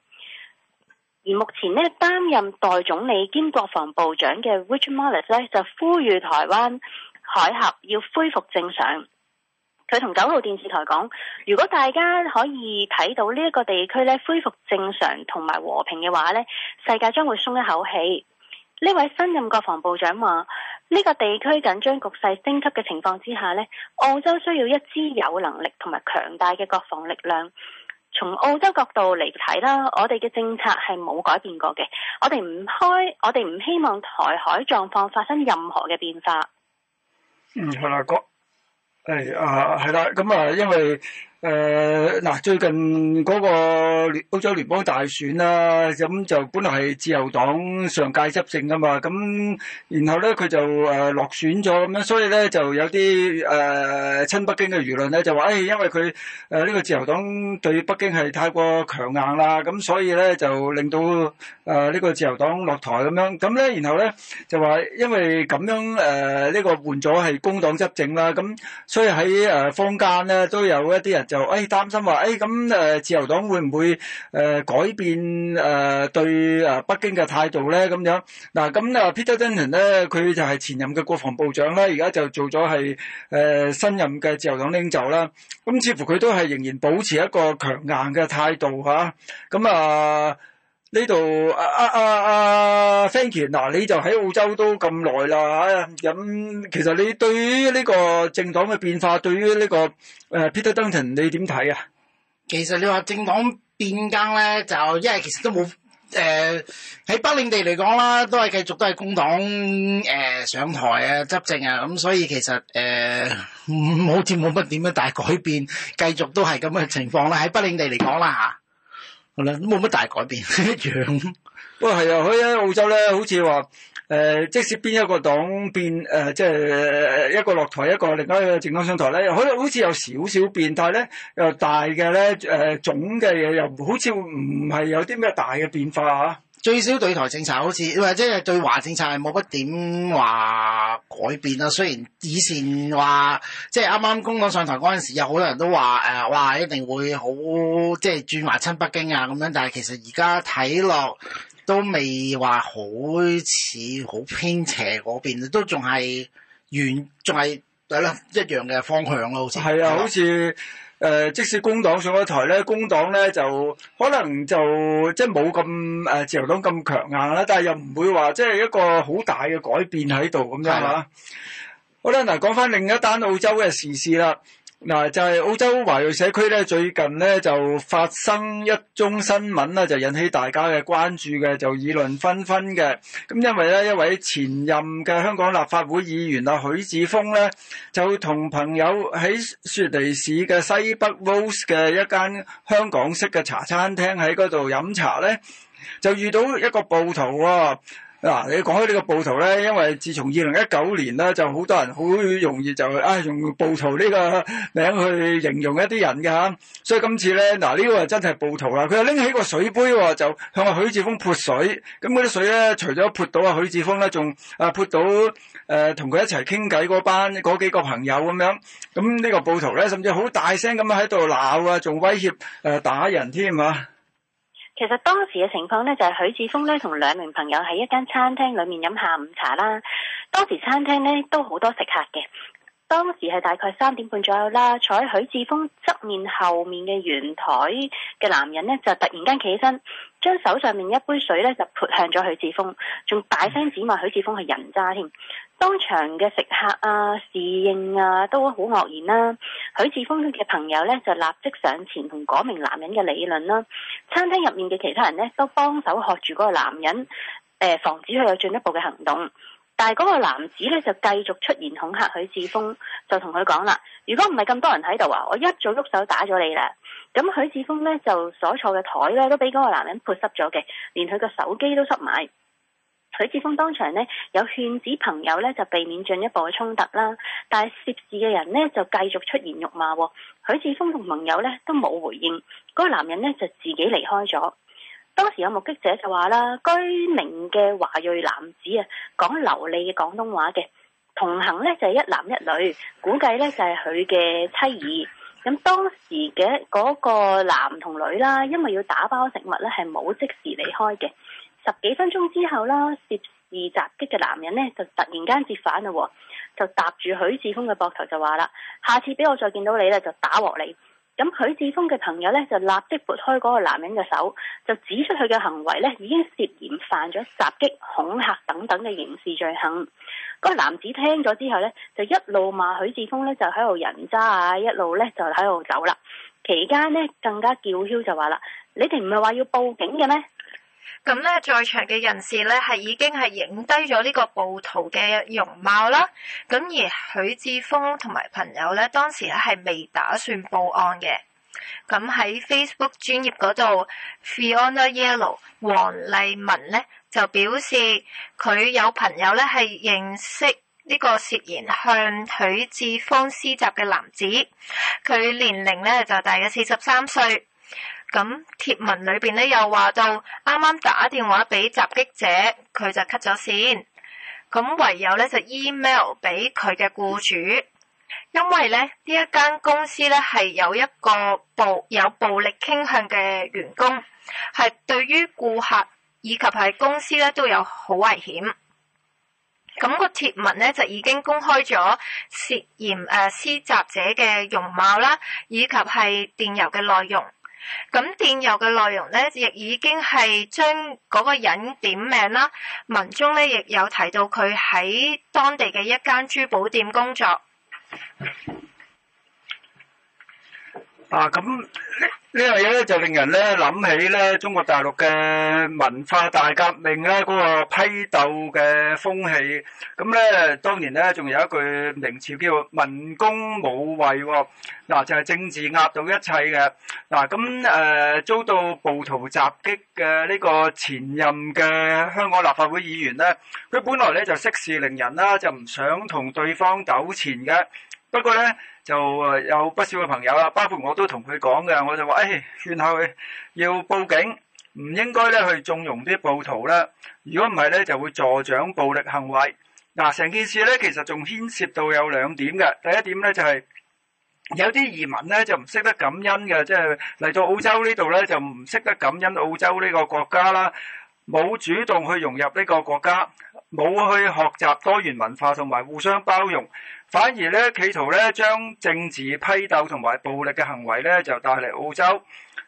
而目前呢，擔任代總理兼國防部長嘅 Richard Marles 咧，就呼籲台灣海峽要恢復正常。佢同九號電視台講：如果大家可以睇到呢一個地區咧，恢復正常同埋和平嘅話呢，世界將會鬆一口氣。呢位新任國防部長話：呢、呢個地區緊張局勢升級嘅情況之下呢，澳洲需要一支有能力同埋強大嘅國防力量。從澳洲角度嚟睇啦，我哋嘅政策係冇改變過嘅，我哋唔開，我哋唔希望台海狀況發生任何嘅變化。嗯，係啦，哥，係、哎、啊，係啦，咁、嗯、啊，因為。誒嗱、呃，最近嗰個澳洲聯邦大選啦、啊，咁就本來係自由黨上屆執政噶嘛，咁然後咧佢就誒、呃、落選咗，咁樣，所以咧就有啲誒、呃、親北京嘅輿論咧就話，誒、哎、因為佢誒呢個自由黨對北京係太過強硬啦，咁所以咧就令到誒呢、呃這個自由黨落台咁樣，咁咧然後咧就話，因為咁樣誒呢、呃這個換咗係工黨執政啦，咁所以喺誒坊間咧都有一啲人。就誒、哎、擔心話誒咁自由黨會唔會、呃、改變、呃、對北京嘅態度咧，咁樣嗱，咁啊 Peter Dutton 咧，佢就係前任嘅國防部長啦，而家就做咗係、呃、新任嘅自由黨領袖啦。咁、嗯、似乎佢都係仍然保持一個強硬嘅態度咁啊～啊呢度啊啊啊啊，Frankie 嗱，你就喺澳洲都咁耐啦嚇，咁其實你對於呢個政黨嘅變化，對於呢個誒 Peter Dutton 你點睇啊？其實你話政黨變更咧，就因為其實都冇誒喺北領地嚟講啦，都係繼續都係工黨誒上台啊執政啊，咁所以其實誒冇好似冇乜點樣大改變，繼續都係咁嘅情況啦。喺北領地嚟講啦。好啦，都冇乜大改變， 一樣。不過係啊，去喺澳洲咧，好似話誒，即使邊一個黨變誒、呃，即係、呃、一個落台，一個另外一個政黨上台咧，可、呃、好似有少少變，但係咧又大嘅咧，誒、呃，總嘅嘢又好似唔係有啲咩大嘅變化、啊最少對台政策好似，或者對華政策係冇乜點話改變啦。雖然以前話即係啱啱工黨上台嗰陣時，有好多人都話誒，哇一定會好即係轉華親北京啊咁樣，但係其實而家睇落都未話好似好偏斜嗰邊，都仲係原仲係一樣嘅方向咯，好似係啊，好似。誒、呃，即使工黨上咗台咧，工黨咧就可能就即係冇咁誒自由黨咁強硬啦，但係又唔會話即係一個好大嘅改變喺度咁樣嘛，是的 吧好啦，嗱，講翻另一單澳洲嘅時事啦。嗱，就係澳洲華裔社區咧，最近咧就發生一宗新聞啦，就引起大家嘅關注嘅，就議論紛紛嘅。咁因為咧，一位前任嘅香港立法會議員啊，許智峰咧就同朋友喺雪梨市嘅西北 Rose 嘅一間香港式嘅茶餐廳喺嗰度飲茶咧，就遇到一個暴徒喎。嗱、啊，你講開呢個暴徒咧，因為自從二零一九年呢，就好多人好容易就啊、哎、用暴徒呢個名去形容一啲人㗎。所以今次咧，嗱、啊、呢、呢個係真係暴徒啦，佢又拎起個水杯喎，就向阿許智峰潑水，咁嗰啲水咧，除咗潑到許智峰咧，仲啊潑到同佢、呃、一齊傾偈嗰班嗰幾個朋友咁樣，咁呢個暴徒咧，甚至好大聲咁喺度鬧啊，仲威脅、呃、打人添啊！其實當時嘅情況咧，就係許智峰咧同兩名朋友喺一間餐廳裏面飲下午茶啦。當時餐廳咧都好多食客嘅。當時係大概三點半左右啦，坐喺許智峰側面後面嘅圓台嘅男人呢，就突然間企起身，將手上面一杯水咧就潑向咗許智峰，仲大聲指罵許智峰係人渣添。當場嘅食客啊、侍應啊都好愕然啦。許智峰嘅朋友呢，就立即上前同嗰名男人嘅理論啦、啊。餐廳入面嘅其他人呢，都幫手喝住嗰個男人，呃、防止佢有進一步嘅行動。但係嗰個男子呢，就繼續出言恐吓許智峰，就同佢講啦：，如果唔係咁多人喺度啊，我一早喐手打咗你啦。咁許智峰呢，就所坐嘅台呢，都俾嗰個男人潑濕咗嘅，連佢個手機都濕埋。許智峰當場咧有勸止朋友呢，就避免進一步嘅衝突啦，但係涉事嘅人呢，就繼續出言辱罵。許智峰同朋友呢，都冇回應，嗰個男人呢，就自己離開咗。當時有目擊者就話啦，居明嘅華裔男子啊，講流利嘅廣東話嘅，同行呢，就係一男一女，估計呢，就係佢嘅妻兒。咁當時嘅嗰個男同女啦，因為要打包食物呢，係冇即時離開嘅。十幾分鐘之後啦，涉事襲擊嘅男人呢，就突然間折返啦，就搭住許智峰嘅膊頭就話啦，下次俾我再見到你咧，就打鑊你。咁許智峰嘅朋友呢，就立即撥開嗰個男人嘅手，就指出佢嘅行為呢，已經涉嫌犯咗襲擊、恐嚇等等嘅刑事罪行。嗰個男子聽咗之後呢，就一路罵許智峰呢，就喺度人渣啊，一路呢，就喺度走啦。期間呢，更加叫囂就話啦，你哋唔係話要報警嘅咩？咁咧，在場嘅人士咧係已經係影低咗呢個暴徒嘅容貌啦。咁而許智峰同埋朋友咧當時咧係未打算報案嘅。咁喺 Facebook 專頁嗰度，Fiona Yellow 黃麗文咧就表示佢有朋友咧係認識呢個涉嫌向許智峰施襲嘅男子，佢年齡咧就大約四十三歲。咁貼文裏邊咧又話到，啱啱打電話俾襲擊者，佢就 cut 咗線。咁唯有咧就 email 俾佢嘅僱主，因為咧呢一間公司咧係有一個暴有暴力傾向嘅員工，係對於顧客以及係公司咧都有好危險。咁、那個貼文咧就已經公開咗涉嫌誒施襲者嘅容貌啦，以及係電郵嘅內容。咁電郵嘅內容呢，亦已經係將嗰個人點名啦。文中呢，亦有提到佢喺當地嘅一間珠寶店工作。啊，咁呢呢樣嘢咧就令人咧諗起咧中國大陸嘅文化大革命咧嗰個批鬥嘅風氣，咁咧當年咧仲有一句名詞叫文攻武衛，嗱就係政治壓倒一切嘅，嗱咁誒遭到暴徒襲擊嘅呢個前任嘅香港立法會議員咧，佢本來咧就息事寧人啦，就唔想同對方糾纏嘅，不過咧。就有不少嘅朋友啦，包括我都同佢講嘅，我就話，誒，勸下佢要報警，唔應該咧去縱容啲暴徒啦。如果唔係咧，就會助長暴力行為。嗱，成件事咧，其實仲牽涉到有兩點嘅。第一點咧，就係有啲移民咧就唔識得感恩嘅，即係嚟到澳洲呢度咧就唔識得感恩澳洲呢個國家啦，冇主動去融入呢個國家，冇去學習多元文化同埋互相包容。反而咧，企圖咧將政治批鬥同埋暴力嘅行為咧，就帶嚟澳洲。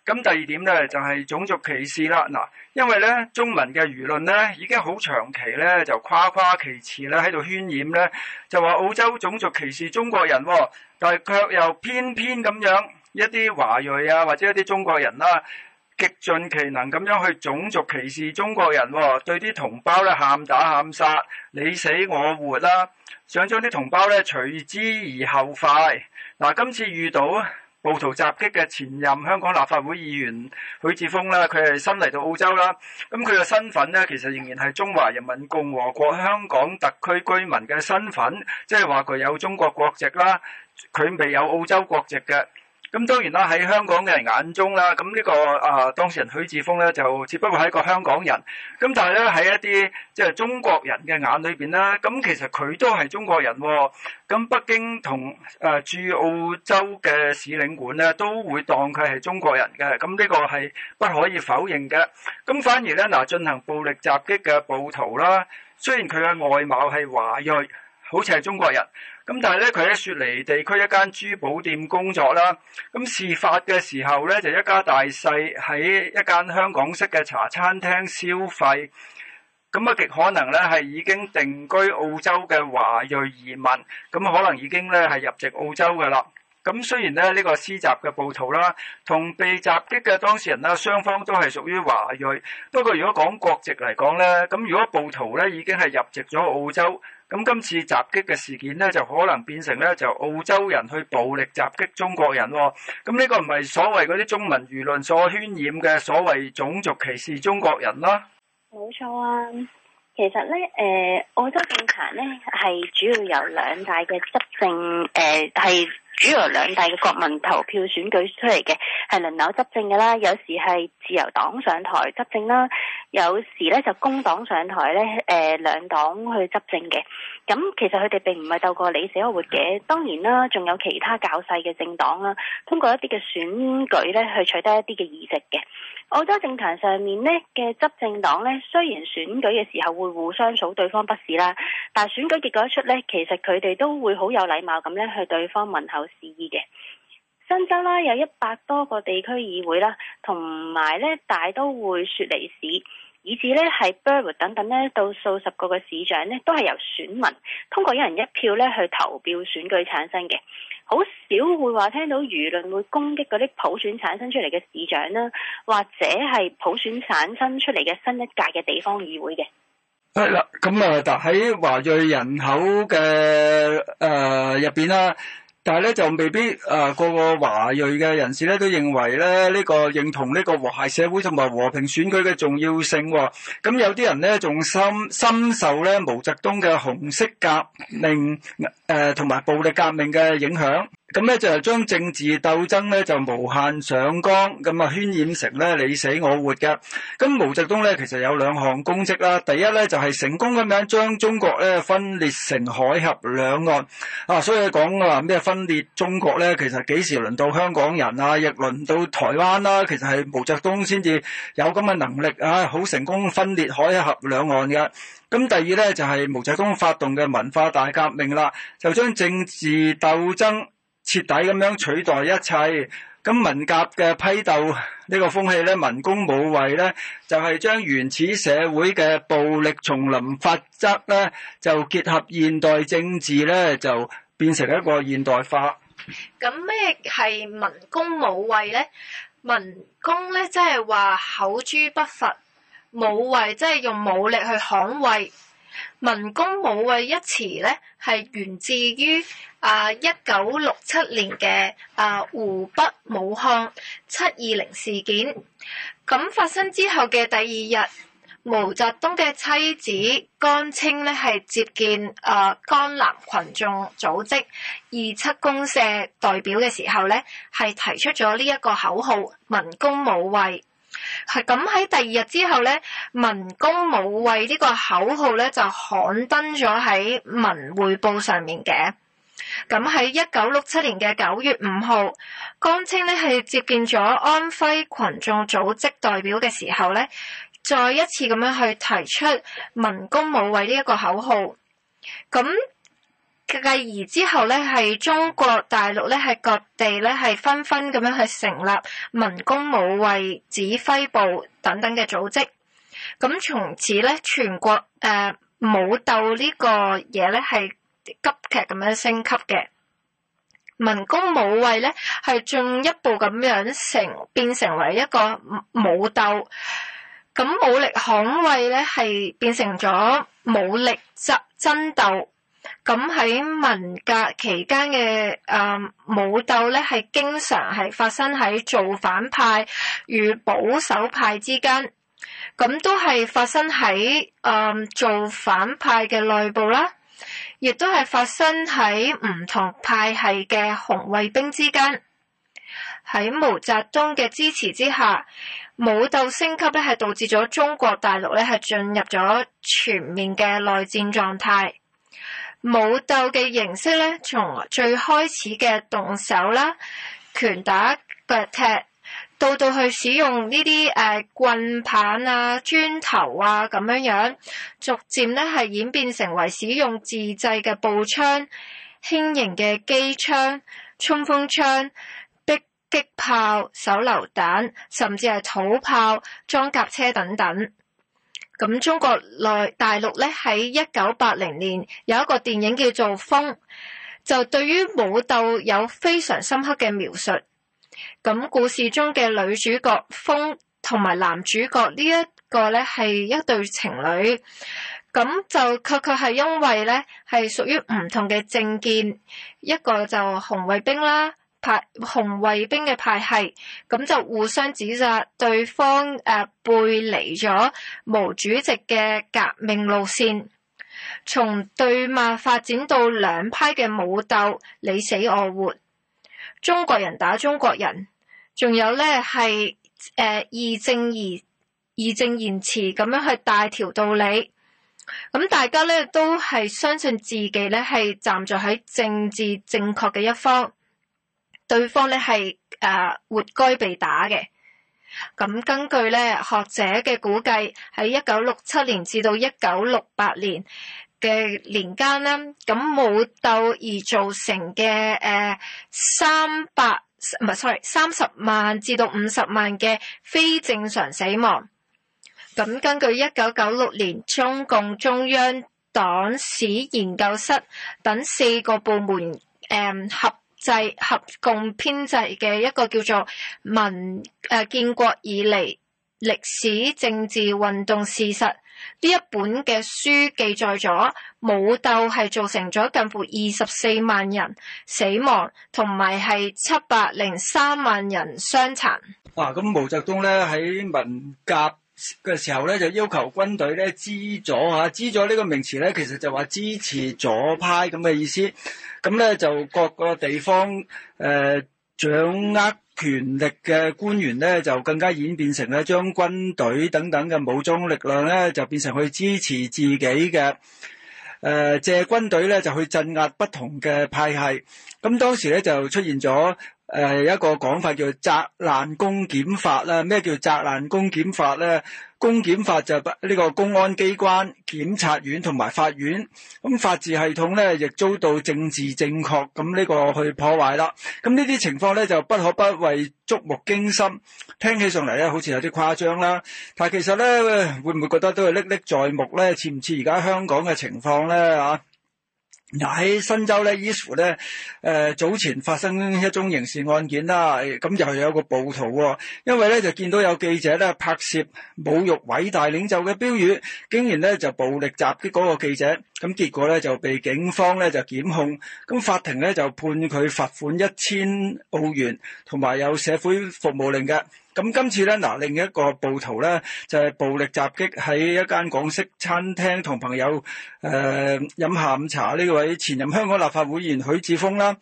咁第二點咧，就係、是、種族歧視啦。嗱，因為咧中文嘅輿論咧，已經好長期咧，就誇誇其詞咧喺度渲染咧，就話澳洲種族歧視中國人喎、哦，但係卻又偏偏咁樣一啲華裔啊，或者一啲中國人啦、啊。極盡其能咁樣去種族歧視中國人，對啲同胞咧喊打喊殺，你死我活啦，想將啲同胞咧隨之而後快。嗱，今次遇到暴徒襲擊嘅前任香港立法會議員許智峰啦，佢係新嚟到澳洲啦。咁佢嘅身份咧，其實仍然係中華人民共和國香港特區居民嘅身份，即係話佢有中國國籍啦，佢未有澳洲國籍嘅。咁當然啦，喺香港嘅人眼中啦，咁呢個啊當事人許智峰咧就只不過係一個香港人。咁但係咧喺一啲即係中國人嘅眼裏面啦，咁其實佢都係中國人喎。咁北京同誒駐澳洲嘅使領館咧都會當佢係中國人嘅。咁呢個係不可以否認嘅。咁反而咧嗱，進行暴力襲擊嘅暴徒啦，雖然佢嘅外貌係華裔，好似係中國人。咁但係咧，佢喺雪梨地區一間珠寶店工作啦。咁事發嘅時候咧，就一家大細喺一間香港式嘅茶餐廳消費。咁啊，極可能咧係已經定居澳洲嘅華裔移民。咁可能已經咧係入籍澳洲㗎啦。咁雖然咧呢個施襲嘅暴徒啦，同被襲擊嘅當事人啦，雙方都係屬於華裔。不過如果講國籍嚟講咧，咁如果暴徒咧已經係入籍咗澳洲。咁今次襲擊嘅事件咧，就可能變成咧就澳洲人去暴力襲擊中國人喎。咁呢個唔係所謂嗰啲中文輿論所渲染嘅所謂種族歧視中國人啦。冇錯啊，其實咧、呃，澳洲政壇咧係主要有兩大嘅執政。呃主要兩大嘅國民投票選舉出嚟嘅，係輪流執政嘅啦。有時係自由黨上台執政啦，有時咧就工黨上台咧、呃，兩黨去執政嘅。咁其實佢哋並唔係鬥過你死我活嘅。當然啦，仲有其他較細嘅政黨啦，通過一啲嘅選舉咧，去取得一啲嘅議席嘅。澳洲政壇上面咧嘅執政黨雖然選舉嘅時候會互相數對方不是啦，但選舉結果一出，其實佢哋都會好有禮貌咁咧去對方問候示意嘅。新州啦有一百多個地區議會啦，同埋咧大都會雪梨市，以至咧係 Burbur 等等咧到數十個嘅市長都係由選民通過一人一票咧去投票選舉產生嘅。好少會話聽到輿論會攻擊嗰啲普選產生出嚟嘅市長啦，或者係普選產生出嚟嘅新一屆嘅地方議會嘅。係啦，咁啊，就喺華裔人口嘅誒入邊啦。呃但係咧就未必，啊、呃、個個華裔嘅人士咧都認為咧呢、這個認同呢個和諧社會同埋和平選舉嘅重要性，哦，咁有啲人咧仲深深受咧毛澤東嘅紅色革命，誒同埋暴力革命嘅影響。咁咧就係將政治鬥爭咧就無限上綱，咁啊渲染成咧你死我活嘅。咁毛澤東咧其實有兩項功績啦，第一咧就係、是、成功咁樣將中國咧分裂成海峽兩岸啊，所以講話咩分裂中國咧，其實幾時輪到香港人啊，亦輪到台灣啦、啊，其實係毛澤東先至有咁嘅能力啊，好成功分裂海峽兩岸嘅。咁第二咧就係、是、毛澤東發動嘅文化大革命啦，就將政治鬥爭徹底咁樣取代一切，咁文革嘅批鬥呢個風氣咧，文攻武衛咧，就係將原始社會嘅暴力叢林法則咧，就結合現代政治咧，就變成一個現代化。咁咩係文攻武衛咧？文攻咧即係話口誅筆伐，武衛即係用武力去捍衛。民工武衛一詞咧，係源自於啊一九六七年嘅啊湖北武漢七二零事件。咁發生之後嘅第二日，毛澤東嘅妻子江青咧係接見啊江南群眾組織二七公社代表嘅時候咧，係提出咗呢一個口號：文攻武衛。係咁喺第二日之後咧，文攻武衛呢個口號咧就刊登咗喺《文匯報》上面嘅。咁喺一九六七年嘅九月五號，江青呢係接見咗安徽群眾組織代表嘅時候咧，再一次咁樣去提出文攻武衛呢一個口號。咁繼而之後咧，係中國大陸咧，係各地咧，係紛紛咁樣去成立民工武衛指揮部等等嘅組織。咁從此咧，全國誒、呃、武鬥呢個嘢咧係急劇咁樣升級嘅。民工武衛咧係進一步咁樣成變成為一個武鬥，咁武力捍衛咧係變成咗武力爭爭鬥。咁喺文革期間嘅誒武鬥咧，係經常係發生喺造反派與保守派之間，咁都係發生喺誒、嗯、造反派嘅內部啦，亦都係發生喺唔同派系嘅紅衛兵之間。喺毛澤東嘅支持之下，武鬥升級咧，係導致咗中國大陸咧係進入咗全面嘅內戰狀態。武鬥嘅形式咧，從最開始嘅動手啦、拳打腳踢，到到去使用呢啲棍棒啊、磚頭啊咁樣樣，逐漸咧係演變成為使用自製嘅步槍、輕型嘅機槍、衝鋒槍、迫擊炮、手榴彈，甚至係土炮、裝甲車等等。咁中國內大陸咧喺一九八零年有一個電影叫做《風》，就對於武鬥有非常深刻嘅描述。咁故事中嘅女主角風同埋男主角呢一個咧係一對情侶，咁就確確係因為咧係屬於唔同嘅政見，一個就紅衛兵啦。派紅衛兵嘅派係咁就互相指責對方，誒背離咗毛主席嘅革命路線，從對罵發展到兩派嘅武鬥，你死我活，中國人打中國人，仲有呢係誒義正義正言辭咁樣去大條道理，咁大家呢都係相信自己呢係站在喺政治正確嘅一方。對方咧，係誒活該被打嘅。咁根據咧，學者嘅估計，喺一九六七年至到一九六八年嘅年間咧，咁武鬥而造成嘅誒三百唔係 sorry 三十萬至到五十萬嘅非正常死亡，咁根據一九九六年中共中央黨史研究室等四個部門誒、呃、合。制合共編製嘅一個叫做《民誒建國以嚟歷史政治運動事實》呢一本嘅書，記載咗武鬥係造成咗近乎二十四萬人死亡，同埋係七百零三萬人傷殘，啊。嗱，咁毛澤東咧喺文革嘅時候咧，就要求軍隊咧支左。嚇、啊，支左呢個名詞咧，其實就話支持左派咁嘅意思。咁咧就各個地方誒、呃、掌握權力嘅官員咧，就更加演變成咧將軍隊等等嘅武裝力量咧，就變成去支持自己嘅誒、呃、借軍隊咧，就去鎮壓不同嘅派系。咁當時咧就出現咗。誒、呃，一個講法叫“砸爛公檢法”啦。咩叫“砸爛公檢法”咧？公檢法就係呢個公安機關、檢察院同埋法院。咁法治系統咧，亦遭到政治正確咁呢個去破壞啦。咁呢啲情況咧，就不可不為觸目驚心。聽起上嚟咧，好似有啲誇張啦。但係其實咧，會唔會覺得都係歷歷在目咧？似唔似而家香港嘅情況咧？吓？又喺新州咧，Eastwood 咧，誒，早前發生一宗刑事案件啦，咁又係有個暴徒喎，因為咧就見到有記者咧拍攝侮辱偉大領袖嘅標語，竟然咧就暴力襲擊嗰個記者，咁結果咧就被警方咧就檢控，咁法庭咧就判佢罰款一千澳元，同埋有社會服務令嘅。咁今次呢，嗱，另一個暴徒呢，就係暴力襲擊喺一間港式餐廳同朋友誒、呃、飲下午茶呢位前任香港立法會議員許智峰啦。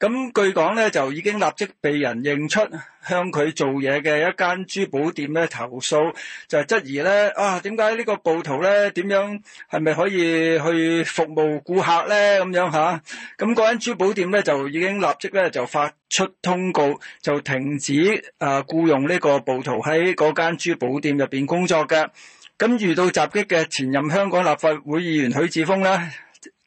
咁據講咧，就已經立即被人認出向，向佢做嘢嘅一間珠寶店咧投訴，就係質疑咧啊，點解呢個暴徒咧點樣係咪可以去服務顧客咧？咁樣吓，咁嗰間珠寶店咧就已經立即咧就發出通告，就停止誒僱傭呢個暴徒喺嗰間珠寶店入邊工作嘅。咁遇到襲擊嘅前任香港立法會議員許智峰咧。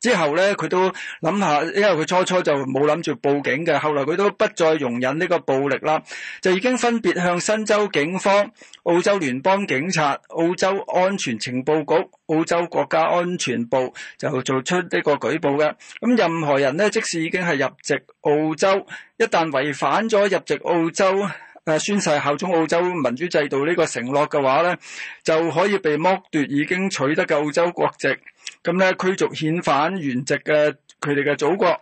之後咧，佢都諗下，因為佢初初就冇諗住報警嘅。後來佢都不再容忍呢個暴力啦，就已經分別向新州警方、澳洲聯邦警察、澳洲安全情報局、澳洲國家安全部就做出呢個舉報嘅。咁任何人呢，即使已經係入籍澳洲，一旦違反咗入籍澳洲誒宣誓效忠澳洲民主制度呢個承諾嘅話呢，就可以被剝奪已經取得嘅澳洲國籍。咁咧驅逐遣返原籍嘅佢哋嘅祖國，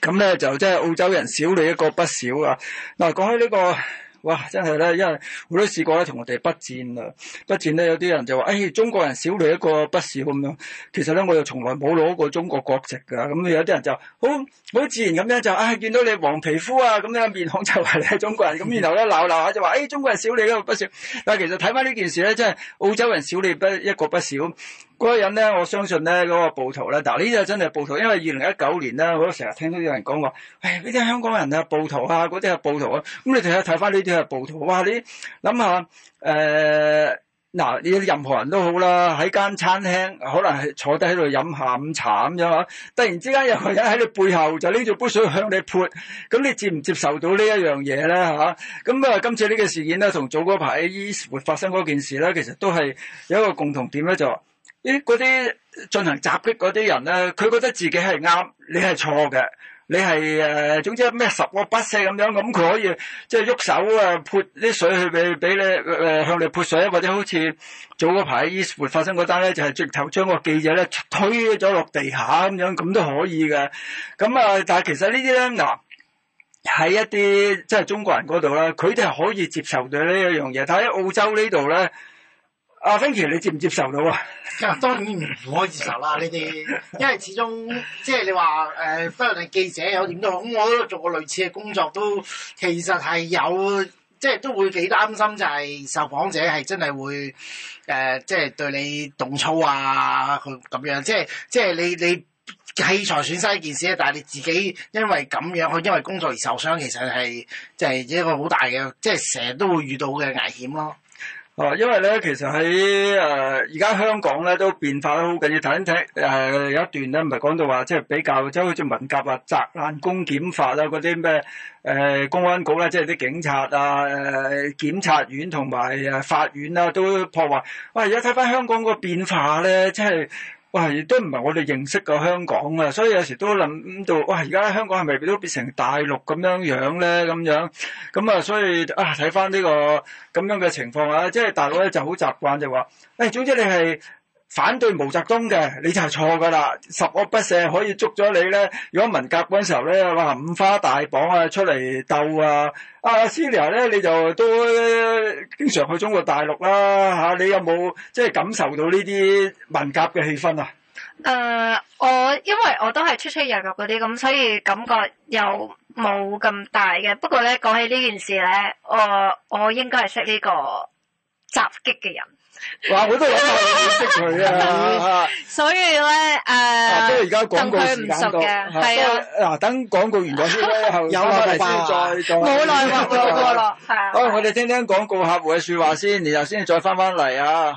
咁咧就即係澳洲人少你一個不少啊！嗱、啊，講起呢、這個哇，真係咧，因為我都試過咧同我哋不戰啊，不戰咧有啲人就話誒、哎，中國人少你一個不少咁、啊、樣。其實咧，我又從來冇攞過中國國籍噶，咁有啲人就好好自然咁樣就唉見到你黃皮膚啊，咁樣面孔就話你係中國人，咁然後咧鬧鬧下就話誒、哎，中國人少你一個不少。但係其實睇翻呢件事咧，真係澳洲人少你不一個不少、啊。嗰個人咧，我相信咧嗰個暴徒咧，嗱呢啲係真係暴徒，因為二零一九年咧，我成日聽到有人講話，唉呢啲香港人啊暴徒啊，嗰啲係暴徒啊，咁你睇下睇翻呢啲係暴徒啊，哇你諗下，誒嗱你任何人都好啦，喺間餐廳可能係坐低喺度飲下午茶咁啫嘛，突然之間有個人喺你背後就拎住杯水向你潑。咁你接唔接受到呢一樣嘢咧嚇？咁啊，今次呢個事件咧，同早嗰排 Eastwood 發生嗰件事咧，其實都係有一個共同點咧，就。嗰啲、欸、進行襲擊嗰啲人咧，佢覺得自己係啱，你係錯嘅，你係誒總之咩十惡不赦咁樣，咁佢可以即係喐手啊，潑啲水去俾俾你、呃、向你潑水或者好似早嗰排伊士活發生嗰單咧，就係直頭將個記者咧推咗落地下咁樣，咁都可以嘅。咁啊，但係其實呢啲咧，嗱喺一啲即係中國人嗰度咧，佢哋係可以接受到呢一樣嘢。但喺澳洲呢度咧。阿 Fancy 你接唔接受到啊？當然唔可以接受啦呢啲，因為始終即係你話誒，不論係記者有點都好，咁我都做過類似嘅工作，都其實係有，即係都會幾擔心，就係受訪者係真係會誒，即係對你動粗啊，佢咁樣，即係即係你你器材損失一件事咧，但係你自己因為咁樣，佢因為工作而受傷，其實係即係一個好大嘅，即係成日都會遇到嘅危險咯。哦，因為咧，其實喺誒而家香港咧都變化得好緊要睇一睇。誒，有一段咧，唔係講到話即係比較，即、就、係、是、好似文革啊、砸爛公檢法啊嗰啲咩誒公安局咧，即係啲警察啊、誒檢察院同埋誒法院啊都破壞。哇、哎！而家睇翻香港個變化咧，即係。哇！都唔係我哋認識嘅香港啊，所以有時都諗到哇！而家香港係咪都變成大陸咁樣樣咧？咁樣咁啊，所以啊，睇翻呢個咁樣嘅情況啊，即係大陸咧就好習慣就話：誒、哎，總之你係反對毛澤東嘅，你就係錯噶啦，十惡不赦可以捉咗你咧。如果文革嗰陣時候咧，話五花大綁啊，出嚟鬥啊！啊，Sonia 咧，ah, ia, 你就都經常去中國大陸啦，吓，你有冇即係感受到呢啲文革嘅氣氛啊？誒、uh, 我因為我都係出出入入啲，咁所以感覺又冇咁大嘅。不過咧，講起呢件事咧，我我應該係識呢個襲擊嘅人。哇！我都諗下識佢啊，所以咧誒，同佢唔熟嘅，係啊。嗱，等廣告完咗先，有話題先再再冇耐喎，過咗啦，係啊。好，我哋聽聽廣告客戶嘅說話先，然後先再翻翻嚟啊。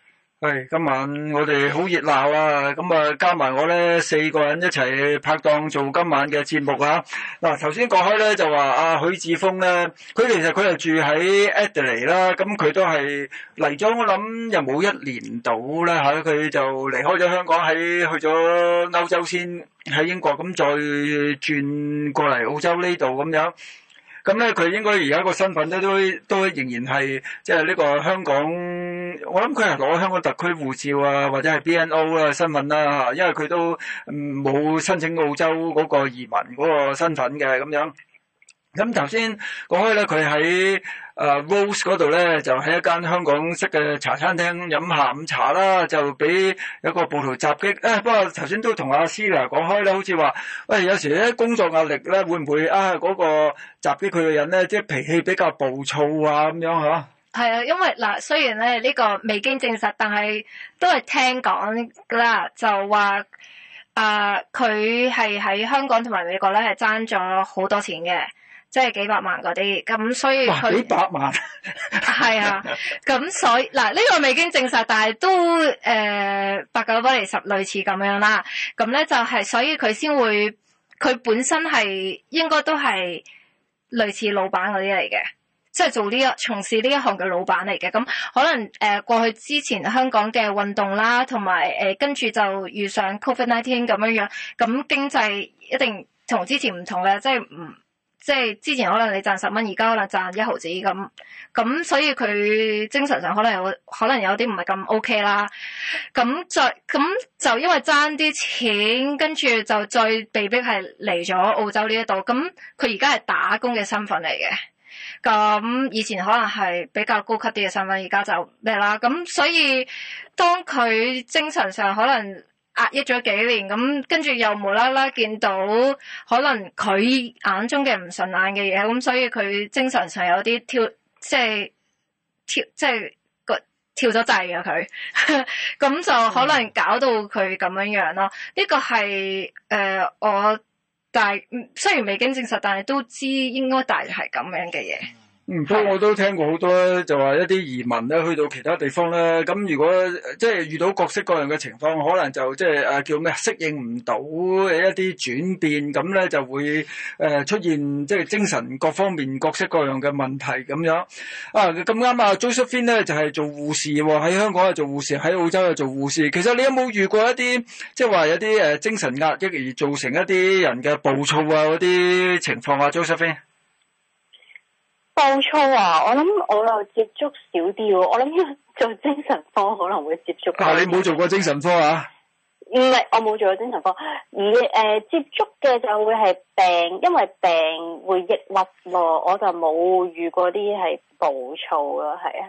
係今晚我哋好熱鬧啊！咁啊，加埋我咧四個人一齊拍檔做今晚嘅節目啊！嗱，頭先講開咧就話阿許智峰咧，佢其實佢係住喺 Adelaide 啦，咁佢都係嚟咗，我諗又冇一年到啦吓，佢就離開咗香港，喺去咗歐洲先喺英國，咁再轉過嚟澳洲呢度咁樣。咁咧，佢應該而家個身份咧都都仍然係即係呢個香港，我諗佢係攞香港特區護照啊，或者係 BNO 啊身份啦、吓、因為佢都冇、嗯、申請澳洲嗰個移民嗰個身份嘅咁樣。咁頭先講開咧，佢喺 Rose 嗰度咧，就喺一間香港式嘅茶餐廳飲下午茶啦，就俾一個暴徒襲擊咧。不過頭先都同阿 Celia 講開咧，好似話喂有時咧工作壓力咧會唔會啊嗰個襲擊佢嘅人咧，即係脾氣比較暴躁啊咁樣嚇？係啊，因為嗱，雖然咧呢個未經證實，但係都係聽講㗎啦，就話啊佢係喺香港同埋美國咧係爭咗好多錢嘅。即係幾百萬嗰啲咁，所以佢幾百萬係 啊。咁所以嗱呢、呢個未經證實，但係都誒、呃、八九不離十，類似咁樣啦。咁咧就係、是、所以佢先會佢本身係應該都係類似老闆嗰啲嚟嘅，即、就、係、是、做呢一從事呢一行嘅老闆嚟嘅。咁可能誒、呃、過去之前香港嘅運動啦，同埋誒跟住就遇上 covid nineteen 咁樣樣，咁經濟一定同之前唔同嘅，即係唔。即係之前可能你賺十蚊，而家可能賺一毫子咁，咁所以佢精神上可能有，可能有啲唔係咁 OK 啦。咁再咁就因為爭啲錢，跟住就再被逼係嚟咗澳洲呢一度。咁佢而家係打工嘅身份嚟嘅，咁以前可能係比較高級啲嘅身份，而家就咩啦。咁所以當佢精神上可能。壓抑咗幾年，咁跟住又無啦啦見到可能佢眼中嘅唔順眼嘅嘢，咁所以佢精神上有啲跳，即係跳，即係個跳咗掣㗎。佢咁就可能搞到佢咁樣樣咯。呢個係誒、呃、我大雖然未經證實，但係都知應該大係咁樣嘅嘢。唔多、嗯，我都聽過好多，就話一啲移民咧去到其他地方咧，咁如果、呃、即係遇到各式各樣嘅情況，可能就即係叫咩適應唔到一啲轉變，咁咧就會、呃、出現即係精神各方面各式各樣嘅問題咁樣。啊，咁啱啊 Josephine 呢就係、是、做護士喎，喺香港又做護士，喺澳洲又做護士。其實你有冇遇過一啲即係話有啲精神壓抑而造成一啲人嘅暴躁啊嗰啲情況啊 Josephine？暴躁啊！我諗我又接觸少啲喎，我諗做精神科可能會接觸啲。但係、啊、你冇做過精神科啊？唔係，我冇做過精神科，而誒、呃、接觸嘅就會係病，因為病會抑鬱咯，我就冇遇過啲係暴躁咯，係啊。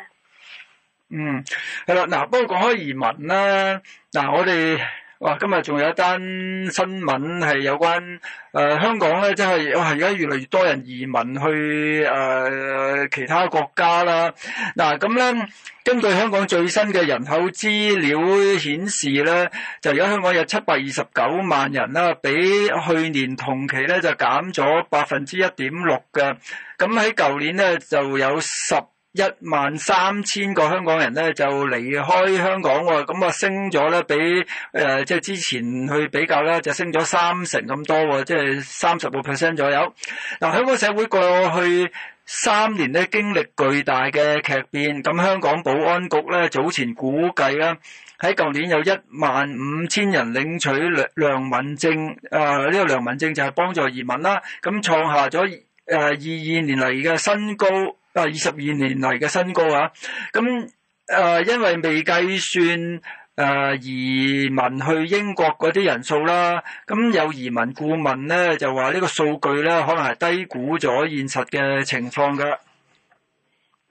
嗯，係啦，嗱，不過講開移民啦，嗱，我哋。哇！今日仲有一單新聞係有關誒、呃、香港咧，即係我係而家越嚟越多人移民去誒、呃、其他國家啦。嗱咁咧，根據香港最新嘅人口資料顯示咧，就而家香港有七百二十九萬人啦，比去年同期咧就減咗百分之一點六嘅。咁喺舊年咧就有十一萬三千個香港人咧就離開香港喎，咁啊升咗咧，比誒即係之前去比較咧就升咗三成咁多，即係三十個 percent 左右。嗱、呃，香港社會過去三年咧經歷巨大嘅劇變，咁香港保安局咧早前估計啦，喺舊年有一萬五千人領取良民證，呢、呃呢個良民證就係幫助移民啦，咁創下咗誒二二年嚟嘅新高。啊，二十二年嚟嘅新高啊！咁誒、呃，因為未計算誒、呃、移民去英國嗰啲人數啦，咁有移民顧問咧就話呢個數據咧可能係低估咗現實嘅情況㗎。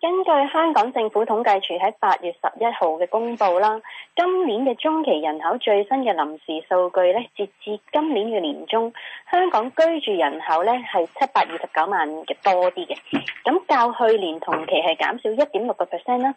根據香港政府統計處喺八月十一號嘅公佈啦，今年嘅中期人口最新嘅臨時數據咧，截至今年嘅年中，香港居住人口咧係七百二十九萬嘅多啲嘅，咁較去年同期係減少一點六個 percent 啦。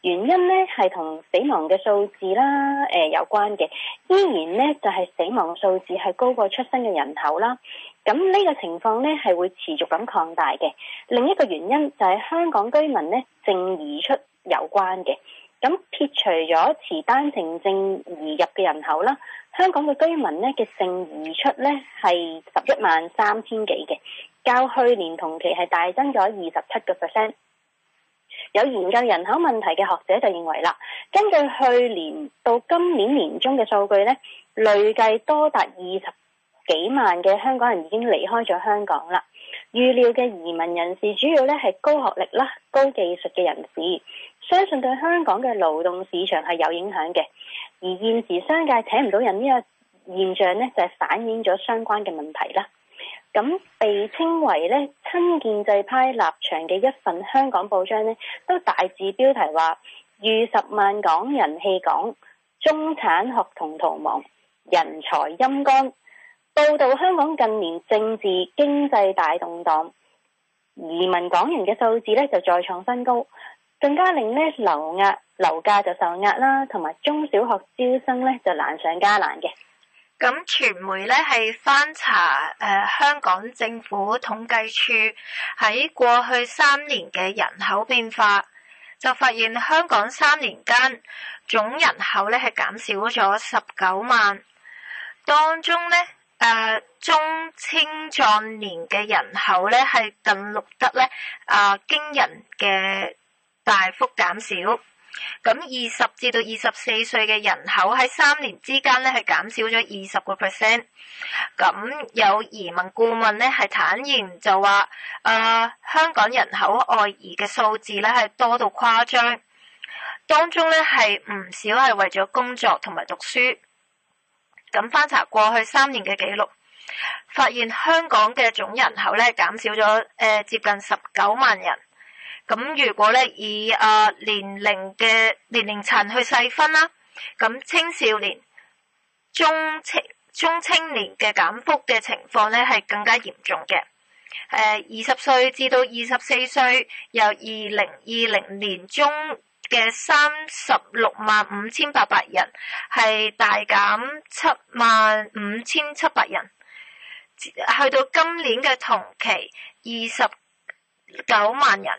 原因咧係同死亡嘅數字啦，誒有關嘅，依然咧就係死亡數字係高過出生嘅人口啦。咁呢個情況呢，係會持續咁擴大嘅。另一個原因就係香港居民呢，淨移出有關嘅。咁撇除咗持單程證移入嘅人口啦，香港嘅居民呢嘅淨移出呢，係十一萬三千幾嘅，較去年同期係大增咗二十七個 percent。有研究人口問題嘅學者就認為啦，根據去年到今年年中嘅數據呢，累計多達二十。幾萬嘅香港人已經離開咗香港啦。預料嘅移民人士主要咧係高學歷啦、高技術嘅人士，相信對香港嘅勞動市場係有影響嘅。而現時商界請唔到人呢個現象咧，就係反映咗相關嘅問題啦。咁被稱為咧親建制派立場嘅一份香港報章咧，都大字標題話：逾十萬港人棄港，中產學童逃亡，人才陰乾。報道香港近年政治經濟大動蕩，移民港人嘅數字咧就再創新高，更加令呢樓壓樓價就受壓啦，同埋中小學招生咧就難上加難嘅。咁傳媒咧係翻查誒、呃、香港政府統計處喺過去三年嘅人口變化，就發現香港三年間總人口咧係減少咗十九萬，當中咧。誒、呃、中青壯年嘅人口咧係更錄得咧啊、呃、驚人嘅大幅減少，咁二十至到二十四歲嘅人口喺三年之間咧係減少咗二十個 percent，咁有移民顧問咧係坦言就話誒、呃、香港人口外移嘅數字咧係多到誇張，當中咧係唔少係為咗工作同埋讀書。咁翻查過去三年嘅記錄，發現香港嘅總人口咧減少咗誒接近十九萬人。咁如果咧以年齡嘅年齡層去細分啦，咁青少年、中青中青年嘅減幅嘅情況咧係更加嚴重嘅。誒二十歲至到二十四歲由二零二零年中，嘅三十六萬五千八百人係大減七萬五千七百人，去到今年嘅同期二十九萬人。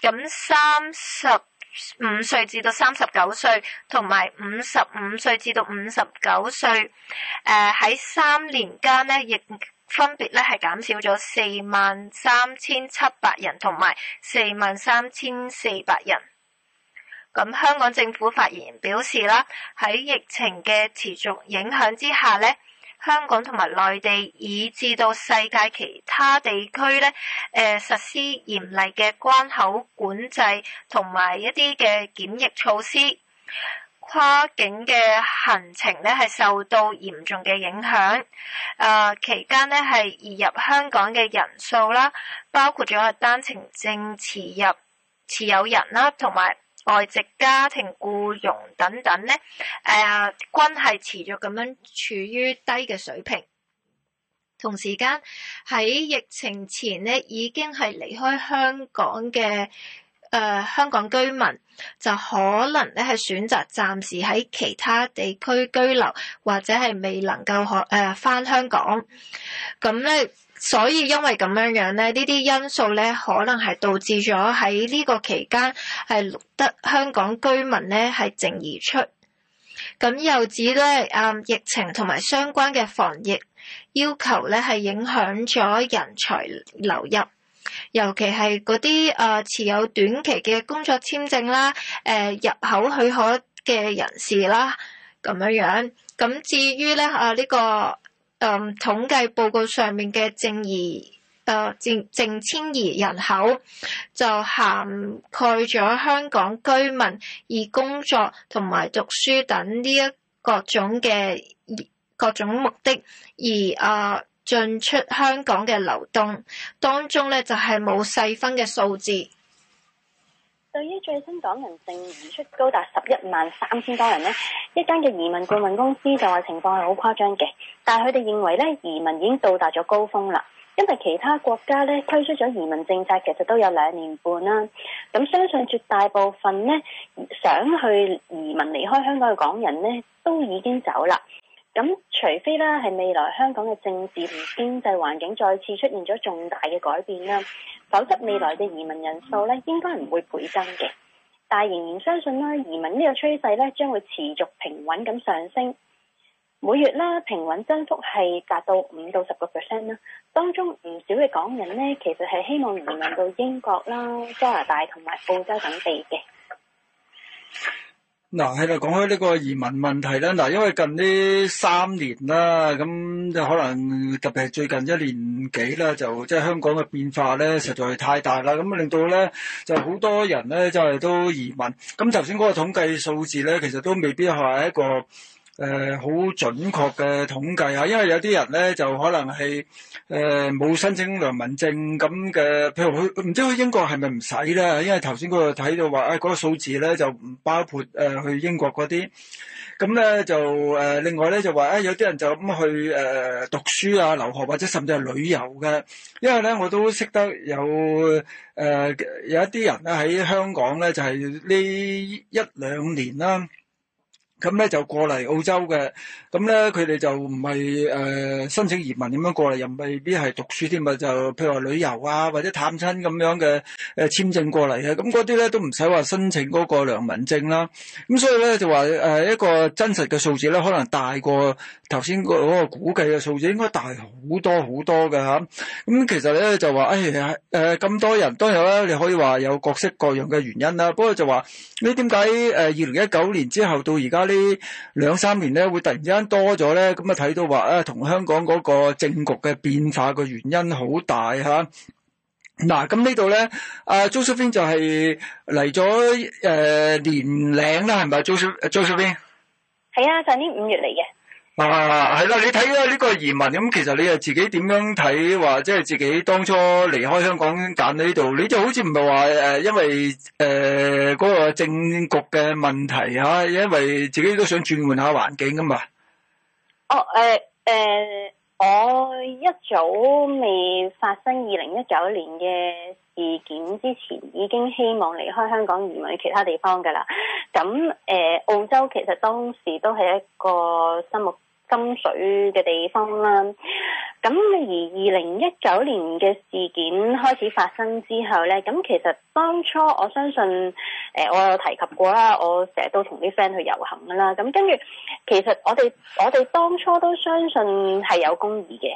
咁三十五歲至到三十九歲，同埋五十五歲至到五十九歲，誒、呃、喺三年間呢，亦分別咧係減少咗四萬三千七百人，同埋四萬三千四百人。咁香港政府發言表示啦，喺疫情嘅持續影響之下呢，香港同埋內地以至到世界其他地區呢，實施嚴厲嘅關口管制同埋一啲嘅檢疫措施，跨境嘅行程呢係受到嚴重嘅影響。呃、期間呢係移入香港嘅人數啦，包括咗單程證持入持有人啦，同埋。外籍家庭僱傭等等咧，誒，均係持續咁樣處於低嘅水平。同時間喺疫情前咧，已經係離開香港嘅、誒、呃、香港居民就可能咧係選擇暫時喺其他地區居留，或者係未能夠學誒翻香港咁咧。所以因為咁樣樣咧，呢啲因素咧，可能係導致咗喺呢個期間係錄得香港居民咧係淨而出，咁又指咧啊疫情同埋相關嘅防疫要求咧係影響咗人才流入，尤其係嗰啲啊持有短期嘅工作簽證啦、誒、啊、入口許可嘅人士啦，咁樣樣。咁至於咧啊呢、這個。誒、嗯、統計報告上面嘅淨移誒淨淨遷移人口就涵蓋咗香港居民以工作同埋讀書等呢一各種嘅各，各種目的而啊進出香港嘅流動當中咧就係冇細分嘅數字。對於最新港人淨移出高達十一萬三千多人呢，一間嘅移民顧問公司就話情況係好誇張嘅，但係佢哋認為咧移民已經到達咗高峰啦，因為其他國家咧推出咗移民政策其實都有兩年半啦，咁相信絕大部分咧想去移民離開香港嘅港人咧都已經走啦，咁除非啦係未來香港嘅政治同經濟環境再次出現咗重大嘅改變啦。否則未來嘅移民人數咧應該唔會倍增嘅，但仍然相信咧、啊、移民呢個趨勢咧將會持續平穩咁上升，每月啦平穩增幅係達到五到十個 percent 啦，當中唔少嘅港人咧其實係希望移民到英國啦、加拿大同埋澳洲等地嘅。嗱係啦，講開呢個移民問題咧，嗱，因為近呢三年啦，咁就可能特別係最近一年幾啦，就即係香港嘅變化咧，實在太大啦，咁令到咧就好多人咧，就係都移民。咁頭先嗰個統計數字咧，其實都未必係一個。誒、好、呃、準確嘅統計嚇，因為有啲人咧就可能係，誒、呃、冇申請良民證咁嘅，譬如去唔知去英國係咪唔使咧？因為頭先嗰度睇到話，嗰個數字咧就唔包括去英國嗰啲，咁咧就誒另外咧就話、哎，有啲人就咁去誒、呃、讀書啊、留學或者甚至係旅遊嘅，因為咧我都識得有誒、呃、有一啲人咧喺香港咧就係呢一兩年啦。咁咧就過嚟澳洲嘅。咁咧，佢哋就唔係誒申請移民點樣過嚟，又未必係讀書添，嘛就譬如話旅遊啊，或者探親咁樣嘅誒簽證過嚟嘅，咁嗰啲咧都唔使話申請嗰個良民證啦。咁所以咧就話誒一個真實嘅數字咧，可能大過頭先嗰個估計嘅數字，應該大好多好多嘅吓，咁其實咧就話誒誒咁多人，當然咧你可以話有各式各樣嘅原因啦。不過就話你點解誒二零一九年之後到而家呢兩三年咧會突然間，多咗咧，咁啊睇到話同香港嗰個政局嘅變化個原因好大吓。嗱、啊，咁呢度咧，阿、啊、Josephine 就係嚟咗誒年齡啦，係咪 Joseph，Josephine？係啊，上年五月嚟嘅。啊，係啦、啊，你睇啊呢、這個移民，咁、嗯、其實你又自己點樣睇話，即係自己當初離開香港揀呢度，你就好似唔係話誒因為誒嗰、呃那個政局嘅問題吓、啊，因為自己都想轉換下環境噶嘛。哦，誒、呃、誒、呃，我一早未發生二零一九年嘅事件之前，已經希望離開香港移民去其他地方噶啦。咁誒、呃，澳洲其實當時都係一個心目。金水嘅地方啦，咁而二零一九年嘅事件開始發生之後咧，咁其實當初我相信，誒我有提及過啦，我成日都同啲 friend 去遊行啦，咁跟住，其實我哋我哋當初都相信係有公義嘅，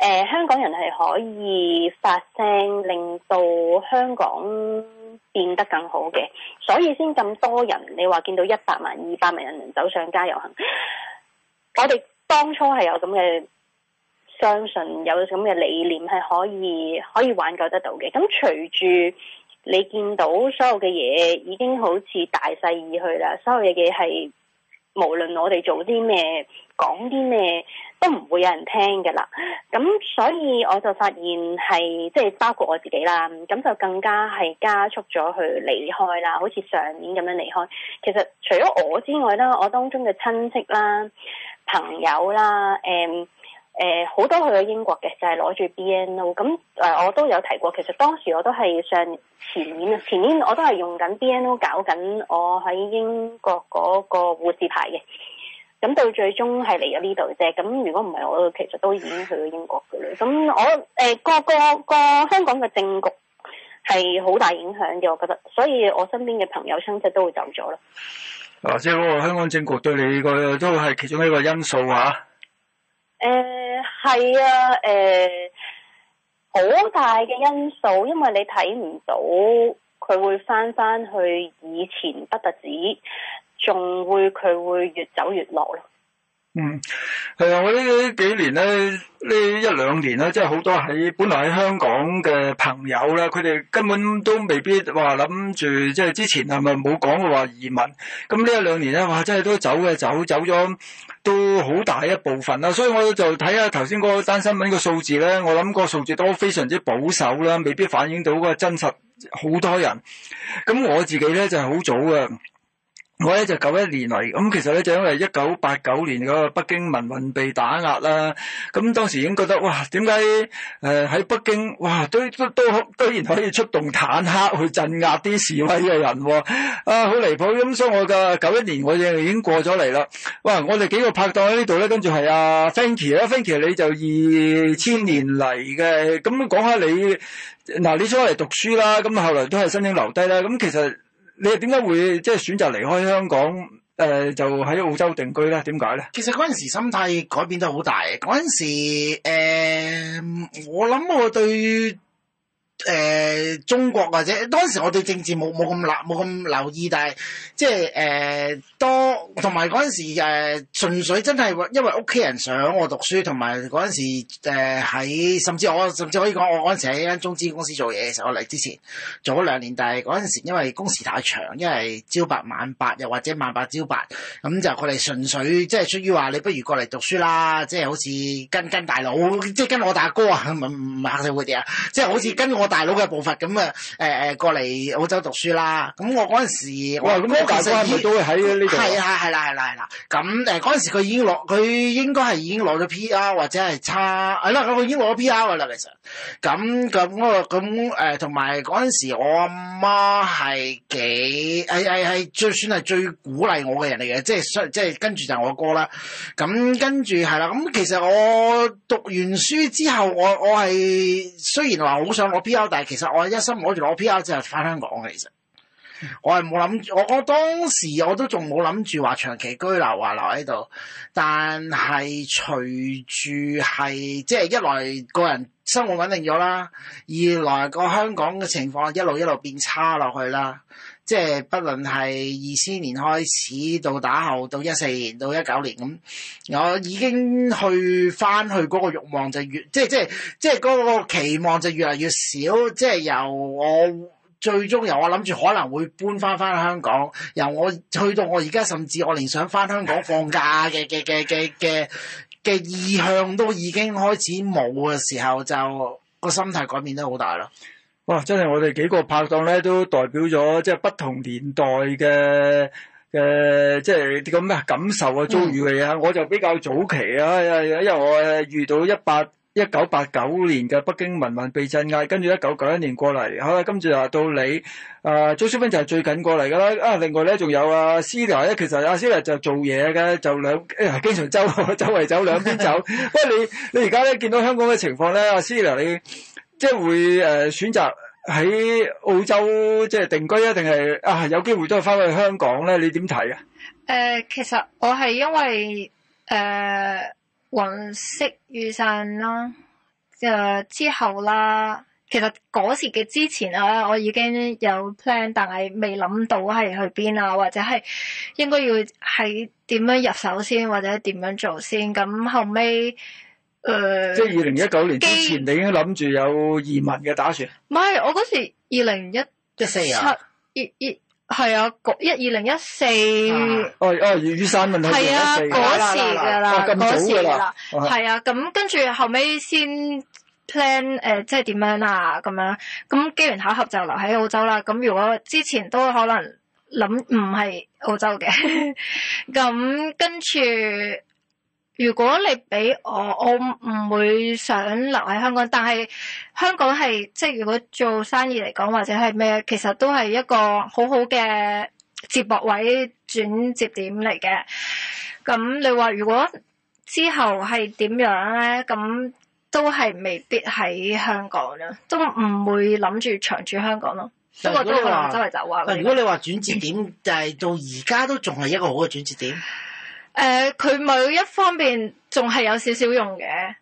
誒香港人係可以發聲令到香港變得更好嘅，所以先咁多人，你話見到一百萬二百萬人走上街遊行。我哋當初係有咁嘅相信，有咁嘅理念係可以可以挽救得到嘅。咁隨住你見到所有嘅嘢已經好似大勢而去啦，所有嘅嘢係無論我哋做啲咩講啲咩都唔會有人聽㗎啦。咁所以我就發現係即係包括我自己啦，咁就更加係加速咗去離開啦，好似上年咁樣離開。其實除咗我之外啦，我當中嘅親戚啦。朋友啦，誒、嗯、誒，好、呃、多去咗英國嘅，就係、是、攞住 BNO。咁誒，我都有提過，其實當時我都係上前年，啊，前年我都係用緊 BNO 搞緊我喺英國嗰個護士牌嘅。咁到最終係嚟咗呢度啫。咁如果唔係，我其實都已經去咗英國嘅啦。咁我誒、呃、個個個香港嘅政局係好大影響嘅，我覺得。所以我身邊嘅朋友親戚都會走咗咯。即係嗰個香港政局對你個，都係其中一個因素啊。誒係、呃、啊，誒、呃、好大嘅因素，因為你睇唔到佢會翻翻去以前不，不特止，仲會佢會越走越落咯。嗯，係啊！我呢幾年咧，呢一兩年咧，即係好多喺本來喺香港嘅朋友呢，佢哋根本都未必話諗住，即係之前係咪冇講過話移民？咁呢一兩年咧，哇，真係都走嘅，走走咗都好大一部分啦。所以我就睇下頭先嗰單新聞個數字咧，我諗個數字都非常之保守啦，未必反映到個真實。好多人，咁我自己咧就係、是、好早嘅。我咧就九一年嚟，咁其實咧就因為一九八九年嗰個北京民運被打壓啦，咁當時已經覺得哇，點解誒喺北京哇都都都居然可以出動坦克去鎮壓啲示威嘅人，哦？啊，好離譜！咁所以我嘅九一年我已經過咗嚟啦。哇，我哋幾個拍檔喺呢度咧，跟住係啊 Fanky 啦 Fanky 你就二千年嚟嘅，咁講下你嗱，啊，你出嚟讀書啦，咁後來都係申請留低啦，咁其實。你又點解會即係選擇離開香港？誒、呃，就喺澳洲定居咧？點解咧？呢，其實嗰陣時心態改變得好大。嗰陣時，誒、呃，我諗我對於。誒、呃，中國或者當時我對政治冇冇咁立冇咁留意，但係即係誒、呃，多同埋嗰陣時誒，純、呃、粹真係因為屋企人想我讀書，同埋嗰陣時誒喺、呃，甚至我甚至可以講我嗰陣時喺間中資公司做嘢嘅時候，我嚟之前做咗兩年，但係嗰陣時因為工時太長，因為朝八晚八又或者晚八朝八，咁就佢哋純粹即係出於話你不如過嚟讀書啦，即係好似跟跟大佬，即係跟我大哥啊，唔唔黑社會啲啊，即係好似跟我。大佬嘅步伐咁啊，誒誒、呃、過嚟澳洲讀書啦。咁我嗰陣時，哇，咁我隔世都喺呢度。係啊，係啦，係啦，係啦。咁誒嗰陣時佢已經攞，佢應該係已經攞咗 P.R. 或者係差，係啦，咁佢已經攞咗 P.R. 噶啦，其實。咁咁啊，咁誒同埋嗰陣時我阿媽係幾係係係最算係最鼓勵我嘅人嚟嘅，即係即係跟住就係我哥啦。咁跟住係啦，咁其實我讀完書之後我我係雖然話好想攞 P.R. 但係其實我一心攞住攞 P.R. 就係翻香港嘅，其實我係冇諗住，我我當時我都仲冇諗住話長期居留，話留喺度。但係隨住係即係一來個人生活穩定咗啦，二來個香港嘅情況一路一路變差落去啦。即係，不論係二千年開始到打後，到一四年到一九年咁，我已經去翻去嗰個慾望就越，即係即係即係嗰個期望就越嚟越少。即係，由我最終由我諗住可能會搬翻翻香港，由我去到我而家，甚至我連想翻香港放假嘅嘅嘅嘅嘅意向都已經開始冇嘅時候，就個心態改變得好大咯。哇！真係我哋幾個拍檔咧，都代表咗即係不同年代嘅嘅即係啲咁咩感受啊、遭遇嚟啊！嗯、我就比較早期啊，因為我遇到一八一九八九年嘅北京民運被鎮壓，跟住一九九一年過嚟，好、嗯、啦，跟住到你周少芬就係最近過嚟㗎啦。啊，另外咧仲有啊，Celia 咧，其實、啊、Celia 就做嘢嘅，就兩、哎、經常周 周圍走兩邊走。不過 你你而家咧見到香港嘅情況咧，啊，Celia 你。即係會誒選擇喺澳洲即係定居啊，定係啊有機會都係翻去香港咧？你點睇啊？誒、呃，其實我係因為誒、呃、黃色雨傘啦誒之後啦，其實嗰時嘅之前啊，我已經有 plan，但係未諗到係去邊啊，或者係應該要喺點樣入手先，或者點樣做先？咁後尾。誒，嗯、即係二零一九年之前，你已經諗住有移民嘅打算？唔係，我嗰時二零一一四二二係啊，一二零一四。哦哦，雨傘運動二零一四。係啊，嗰時噶啦，嗰時噶啦，係啊。咁跟住後尾先 plan 誒，即係點樣啊？咁樣咁機緣巧合就留喺澳洲啦。咁、嗯、如果之前都可能諗唔係澳洲嘅，咁、 嗯、跟住。如果你俾我，我唔會想留喺香港。但係香港係即係如果做生意嚟講，或者係咩，其實都係一個好好嘅接駁位轉接點嚟嘅。咁你話如果之後係點樣咧？咁都係未必喺香港咯，都唔會諗住長住香港咯。不過都係周圍走下。如果你話轉接點，就係 到而家都仲係一個好嘅轉接點。誒佢、呃、每一方面仲係有少少用嘅，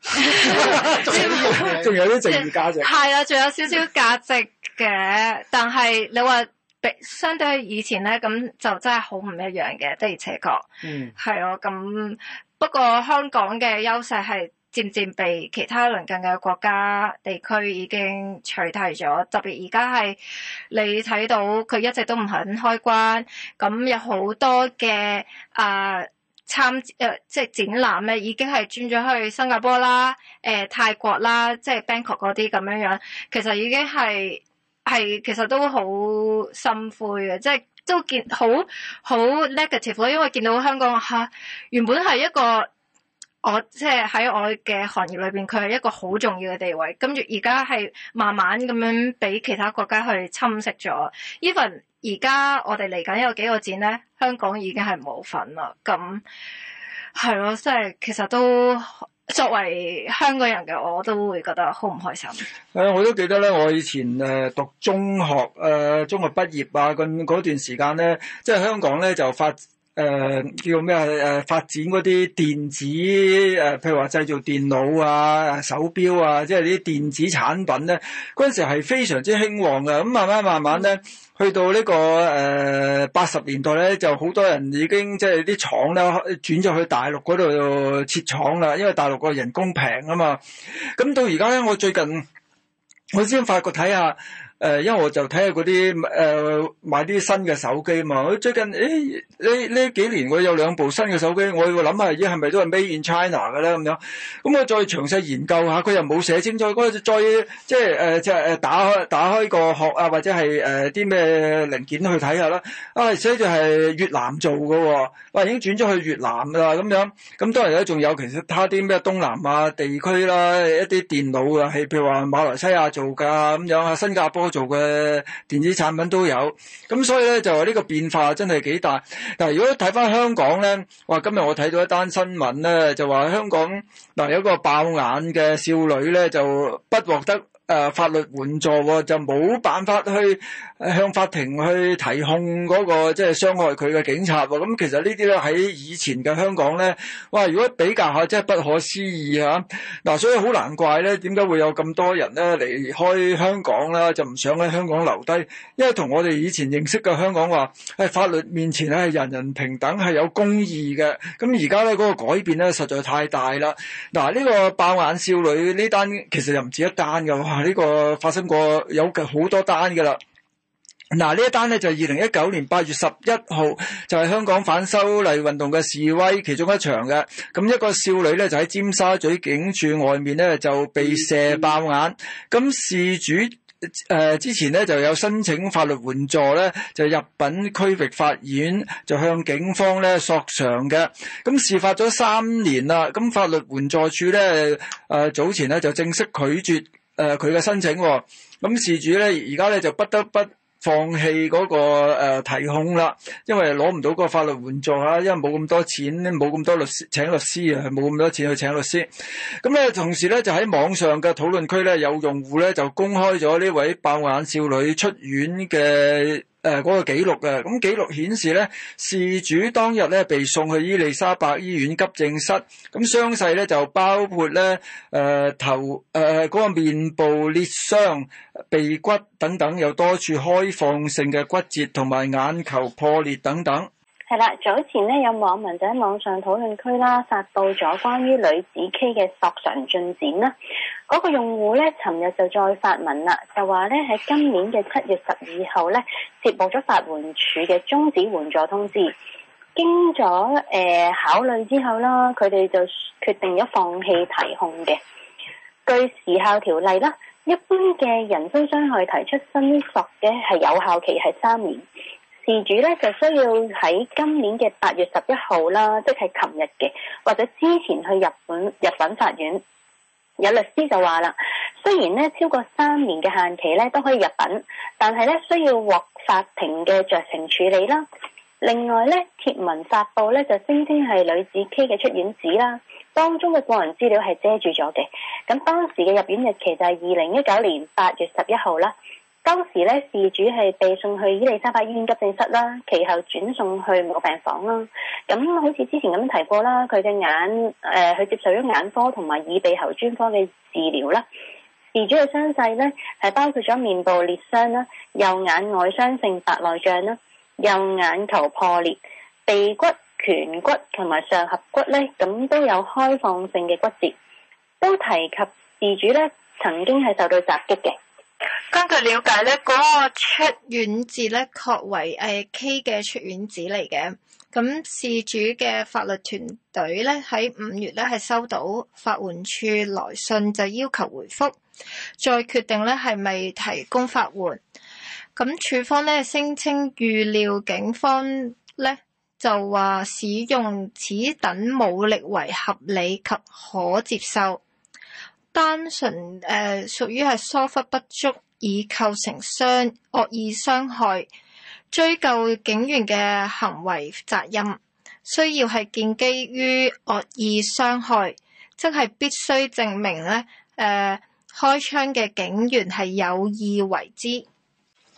仲有啲，仲有啲剩餘價值。係啊，仲有少少價值嘅。但係你話比相對以前咧，咁就真係好唔一樣嘅，的而且確。嗯、啊，係咯。咁不過香港嘅優勢係漸漸被其他鄰近嘅國家地區已經取替咗。特別而家係你睇到佢一直都唔肯開關，咁有好多嘅啊～、呃參、呃、即係展覽咧，已經係轉咗去新加坡啦、呃、泰國啦、即係 Bangkok 嗰啲咁樣樣，其實已經係其實都好心灰嘅，即係都見好好 negative 咯，因為見到香港、啊、原本係一個我即係喺我嘅行業裏面，佢係一個好重要嘅地位，跟住而家係慢慢咁樣俾其他國家去侵蝕咗。而家我哋嚟緊有幾個展咧，香港已經係冇份啦。咁係咯，即係其實都作為香港人嘅，我都會覺得好唔開心。誒，我都記得咧，我以前誒讀中學誒，中學畢業啊，嗰段時間咧，即係香港咧就發誒叫咩啊？誒，發展嗰啲電子誒，譬如話製造電腦啊、手錶啊，即係啲電子產品咧，嗰陣時係非常之興旺噶。咁慢慢慢慢咧。去到呢個誒八十年代咧，就好多人已經即係啲廠咧轉咗去大陸嗰度設廠啦，因為大陸個人工平啊嘛。咁到而家咧，我最近我先發覺睇下。誒，因為我就睇下嗰啲誒買啲新嘅手機嘛。我最近誒呢呢幾年我有兩部新嘅手機，我會諗下咦係咪都係 Made in China 嘅咧咁樣。咁我再詳細研究下，佢又冇寫清楚。就再即係、呃、即係打開打開個殼啊，或者係啲咩零件去睇下啦。啊，寫住係越南做㗎喎、哦，已經轉咗去越南㗎啦咁樣。咁當然咧仲有其實其他啲咩東南亞地區啦，一啲電腦啊係譬如話馬來西亞做㗎咁樣啊新加坡。做嘅電子產品都有，咁所以咧就話呢個變化真係幾大。但係如果睇翻香港咧，哇！今日我睇到一單新聞咧，就話香港嗱、呃、有一個爆眼嘅少女咧就不獲得。誒、啊，法律援助、哦、就冇辦法去向法庭去提控嗰、那個即係傷害佢嘅警察、哦。咁其實呢啲咧喺以前嘅香港咧，哇！如果比較下真係、就是、不可思議吓、啊。嗱、啊，所以好難怪咧，點解會有咁多人咧離開香港咧，就唔想喺香港留低。因為同我哋以前認識嘅香港話，喺法律面前咧係人人平等，係有公義嘅。咁而家咧嗰個改變咧實在太大啦。嗱、啊，呢、這個爆眼少女呢單其實又唔止一單㗎。呢個發生過有好多單㗎啦。嗱、啊，呢一單呢就係二零一九年八月十一號就係、是、香港反修例運動嘅示威其中一場嘅。咁一個少女呢，就喺尖沙咀警署外面呢，就被射爆眼。咁事主誒、呃、之前呢，就有申請法律援助呢就入禀區域法院就向警方呢索償嘅。咁事發咗三年啦，咁法律援助處呢，誒、呃、早前呢，就正式拒絕。誒佢嘅申請喎、哦，咁事主咧而家咧就不得不放棄嗰、那個、呃、提控啦，因為攞唔到個法律援助啊，因為冇咁多錢，冇咁多律師請律師啊，冇咁多錢去請律師。咁咧同時咧就喺網上嘅討論區咧，有用戶咧就公開咗呢位爆眼少女出院嘅。誒嗰、呃那個記錄嘅，咁記錄顯示咧，事主當日咧被送去伊利沙伯醫院急症室，咁傷勢咧就包括咧，誒、呃、頭誒嗰、呃那個面部裂傷、鼻骨等等，有多處開放性嘅骨折同埋眼球破裂等等。係啦，早前咧有網民就喺網上討論區啦發佈咗關於女子 K 嘅索償進展啦。嗰個用戶咧，尋日就再發文啦，就話咧喺今年嘅七月十二號咧，接獲咗法援署嘅終止援助通知。經咗誒考慮之後啦，佢哋就決定咗放棄提控嘅。據時效條例啦，一般嘅人身傷害提出申索嘅係有效期係三年。事主咧就需要喺今年嘅八月十一號啦，即係琴日嘅，或者之前去日本入稟法院，有律師就話啦，雖然咧超過三年嘅限期咧都可以入禀，但係咧需要獲法庭嘅酌情處理啦。另外咧貼文發布咧就聲稱係女子 K 嘅出院紙啦，當中嘅個人資料係遮住咗嘅，咁當時嘅入院日期就係二零一九年八月十一號啦。當時咧，事主係被送去伊利沙伯醫院急症室啦，其後轉送去個病房啦。咁好似之前咁提過啦，佢嘅眼佢、呃、接受咗眼科同埋耳鼻喉專科嘅治療啦。事主嘅傷勢咧係包括咗面部裂傷啦、右眼外傷性白內障啦、右眼球破裂、鼻骨、顴骨同埋上頜骨咧，咁都有開放性嘅骨折。都提及事主咧曾經係受到襲擊嘅。根據了解咧，嗰、嗯、個出院字咧確為誒 K 嘅出院字嚟嘅。咁事主嘅法律團隊咧喺五月咧係收到法援處來信，就要求回覆，再決定咧係咪提供法援。咁處方咧聲稱預料警方咧就話使用此等武力為合理及可接受。單純誒屬於係疏忽不足以構成傷惡意傷害，追究警員嘅行為責任，需要係建基於惡意傷害，即係必須證明咧誒、呃、開槍嘅警員係有意為之。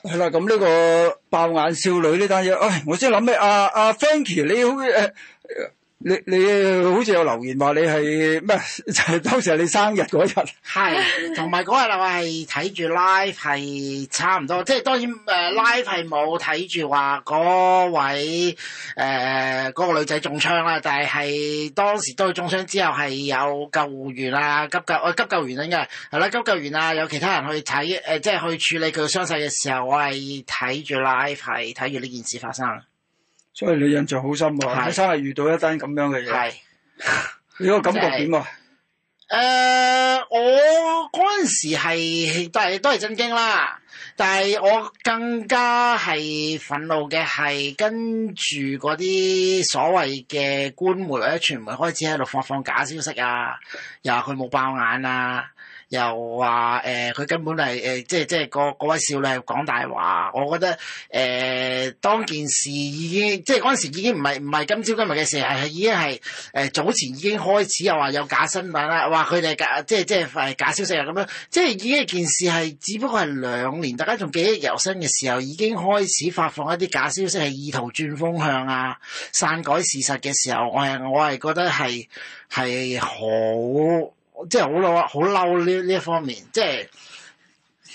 係啦，咁呢個爆眼少女呢單嘢，我先諗起啊，阿 Frankie 你好？你你好似有留言，話你係咩？就係、是、當時係你生日嗰日，係同埋嗰日我係睇住 live 係差唔多，即係當然誒，live 係冇睇住話嗰位誒嗰、呃嗰個女仔中槍啦，但係係當時都係中槍之後係有救護員啊急救誒、欸、急救員嘅係啦，急救員啊有其他人去睇誒、呃、即係去處理佢嘅傷勢嘅時候，我係睇住 live 係睇住呢件事發生。所以你印象好深啊！阿是生係遇到一單咁樣嘅嘢，是 你個感覺點啊？誒、就是呃，我嗰陣時係都係都係震驚啦，但係我更加係憤怒嘅係跟住嗰啲所謂嘅官媒或者傳媒開始喺度發放假消息啊，又話佢冇爆眼啊！又話誒，佢、呃、根本係誒、呃，即係即係嗰位少女講大話。我覺得誒、呃，當件事已經即係嗰陣時已經唔係唔係今朝今日嘅事，係係已經係誒、呃、早前已經開始又話有假新聞啦，話佢哋假即係即係假消息啊咁樣。即係已經件事係只不過係兩年，大家仲記憶猶新嘅時候，已經開始發放一啲假消息，係意圖轉風向啊，刪改事實嘅時候，我係我係覺得係係好。即係好嬲啊，好嬲呢呢一方面，即係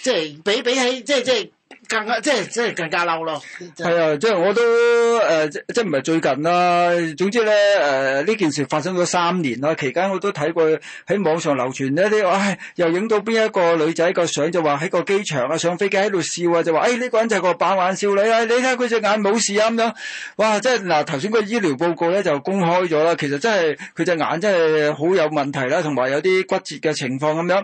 即係比比起即係即係更加即係即係更加嬲咯，係啊，即係我都誒、呃、即即唔係最近啦。總之咧誒呢、呃、件事發生咗三年啦，期間我都睇過喺網上流傳一啲，唉、哎、又影到邊一個女仔個相就話喺個機場啊上飛機喺度笑啊就話，哎呢、呢個人就係個把玩少女啊！你睇下佢隻眼冇事啊咁樣，哇！真係嗱頭先個醫療報告咧就公開咗啦，其實真係佢隻眼真係好有問題啦，同埋有啲骨折嘅情況咁樣。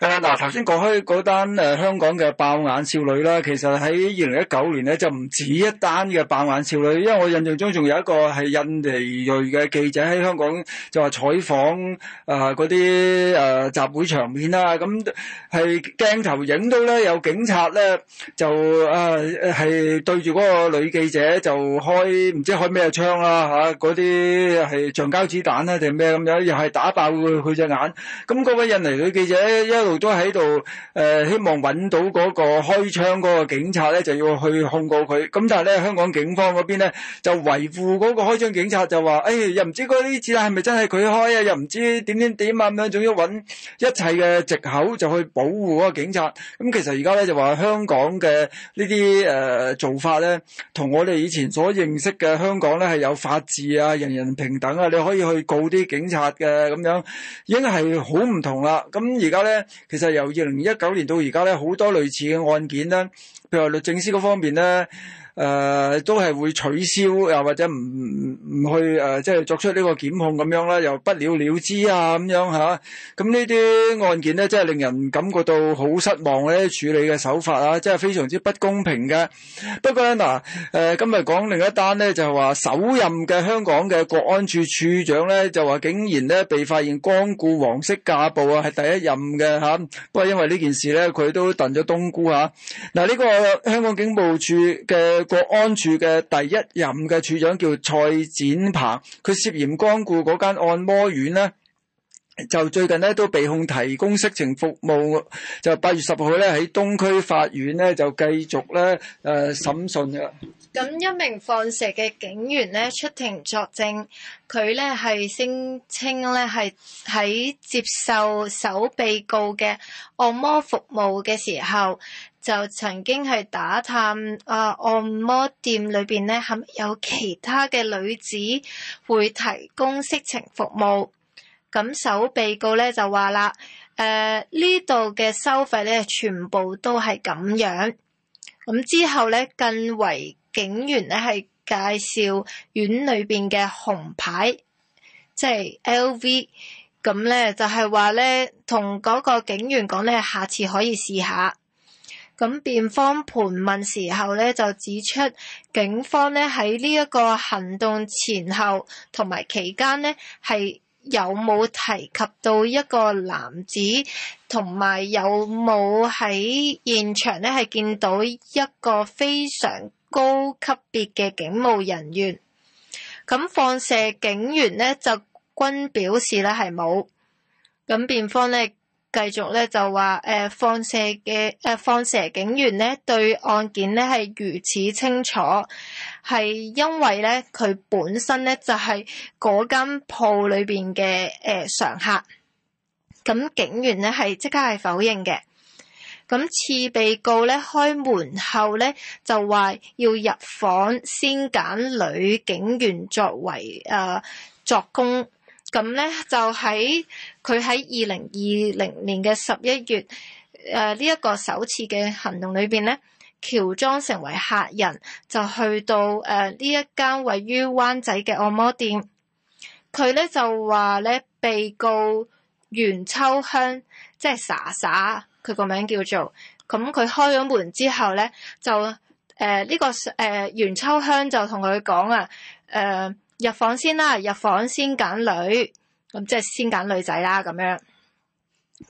誒，嗱、啊，頭先講開嗰單誒香港嘅爆眼少女啦，其實喺二零一九年咧就唔止一單嘅爆眼少女，因為我印象中仲有一個係印尼裔嘅記者喺香港就話採訪誒嗰啲誒集會場面啦，咁係鏡頭影到咧有警察咧就誒係、啊、對住嗰個女記者就開唔知開咩槍啦吓，嗰啲係橡膠子彈啊定咩咁樣，又係打爆佢隻眼，咁嗰位印尼女記者一路都喺度誒，希望揾到嗰個開槍嗰個警察咧，就要去控告佢。咁但係咧，香港警方嗰邊咧就維護嗰個開槍警察就，就話：誒，又唔知嗰啲子彈係咪真係佢開啊？又唔知點點點啊咁樣，仲要揾一切嘅藉口就去保護嗰個警察。咁其實而家咧就話香港嘅呢啲誒做法咧，同我哋以前所認識嘅香港咧係有法治啊、人人平等啊，你可以去告啲警察嘅咁樣，已經係好唔同啦。咁而家咧。其實由二零一九年到而家咧，好多類似嘅案件咧，譬如話律政司嗰方面咧。誒、呃、都係會取消，又或者唔唔去即係、呃就是、作出呢個檢控咁樣啦，又不了了之啊咁樣吓，咁呢啲案件呢，真係令人感覺到好失望呢。處理嘅手法啊，真係非常之不公平嘅。不過呢，嗱、呃、今日講另一單呢，就係話首任嘅香港嘅國安處處長呢，就話竟然呢，被發現光顧黃色架步啊，係第一任嘅、啊、不過因為呢件事呢，佢都燉咗冬菇啊。嗱、啊，呢、呢個香港警務處嘅。國安處嘅第一任嘅處長叫蔡展鵬，佢涉嫌光顧嗰間按摩院呢，就最近呢都被控提供色情服務，就八月十號咧喺東區法院呢就繼續咧誒審訊啊。咁一名放蛇嘅警員呢，出庭作證，佢咧係聲稱咧係喺接受首被告嘅按摩服務嘅時候。就曾經係打探啊，按摩店裏邊呢，有其他嘅女子會提供色情服務。咁首被告呢就話啦，誒，呃，呢度嘅收費呢全部都係咁樣。咁之後呢，更為警員呢係介紹院裏面嘅紅牌，即係 LV。咁呢就係話呢，同嗰個警員講呢，下次可以試下。咁辯方盤問時候咧，就指出警方咧喺呢一個行動前後同埋期間呢，係有冇提及到一個男子，同埋有冇喺現場呢係見到一個非常高級別嘅警務人員。咁放蛇警員呢，就均表示咧係冇。咁辯方呢。繼續咧就話誒、呃，放蛇嘅誒，放蛇警員呢對案件呢係如此清楚，係因為呢佢本身呢就係、是、嗰間鋪裏邊嘅誒常客。咁警員呢係即刻係否認嘅。咁次被告呢開門後呢就話要入房先揀女警員作為誒、呃、作供咁咧就喺佢喺二零二零年嘅十一月，誒呢一個首次嘅行動裏面，咧，喬裝成為客人就去到誒呢、呃、一間位於灣仔嘅按摩店。佢咧就話咧，被告袁秋香即係傻傻，佢個名叫做咁。佢開咗門之後咧，就誒呢、呃這個誒、呃、袁秋香就同佢講啊，呃入房先啦，入房先揀女，咁即係先揀女仔啦，咁樣。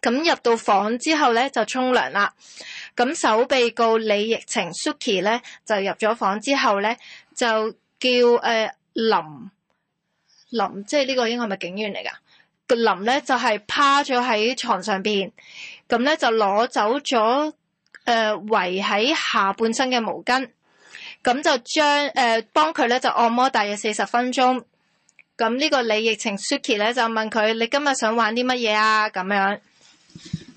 咁入到房之後咧，就沖涼啦。咁首被告李亦晴 Suki 咧，就入咗房之後咧，就叫誒、呃、林林，即係呢個應該係咪警員嚟噶。個林咧就係、是、趴咗喺床上邊，咁咧就攞走咗誒圍喺下半身嘅毛巾。咁就將誒、呃、幫佢咧就按摩大約四十分鐘。咁呢個李奕晴 Suki 咧就問佢：你今日想玩啲乜嘢啊？咁樣。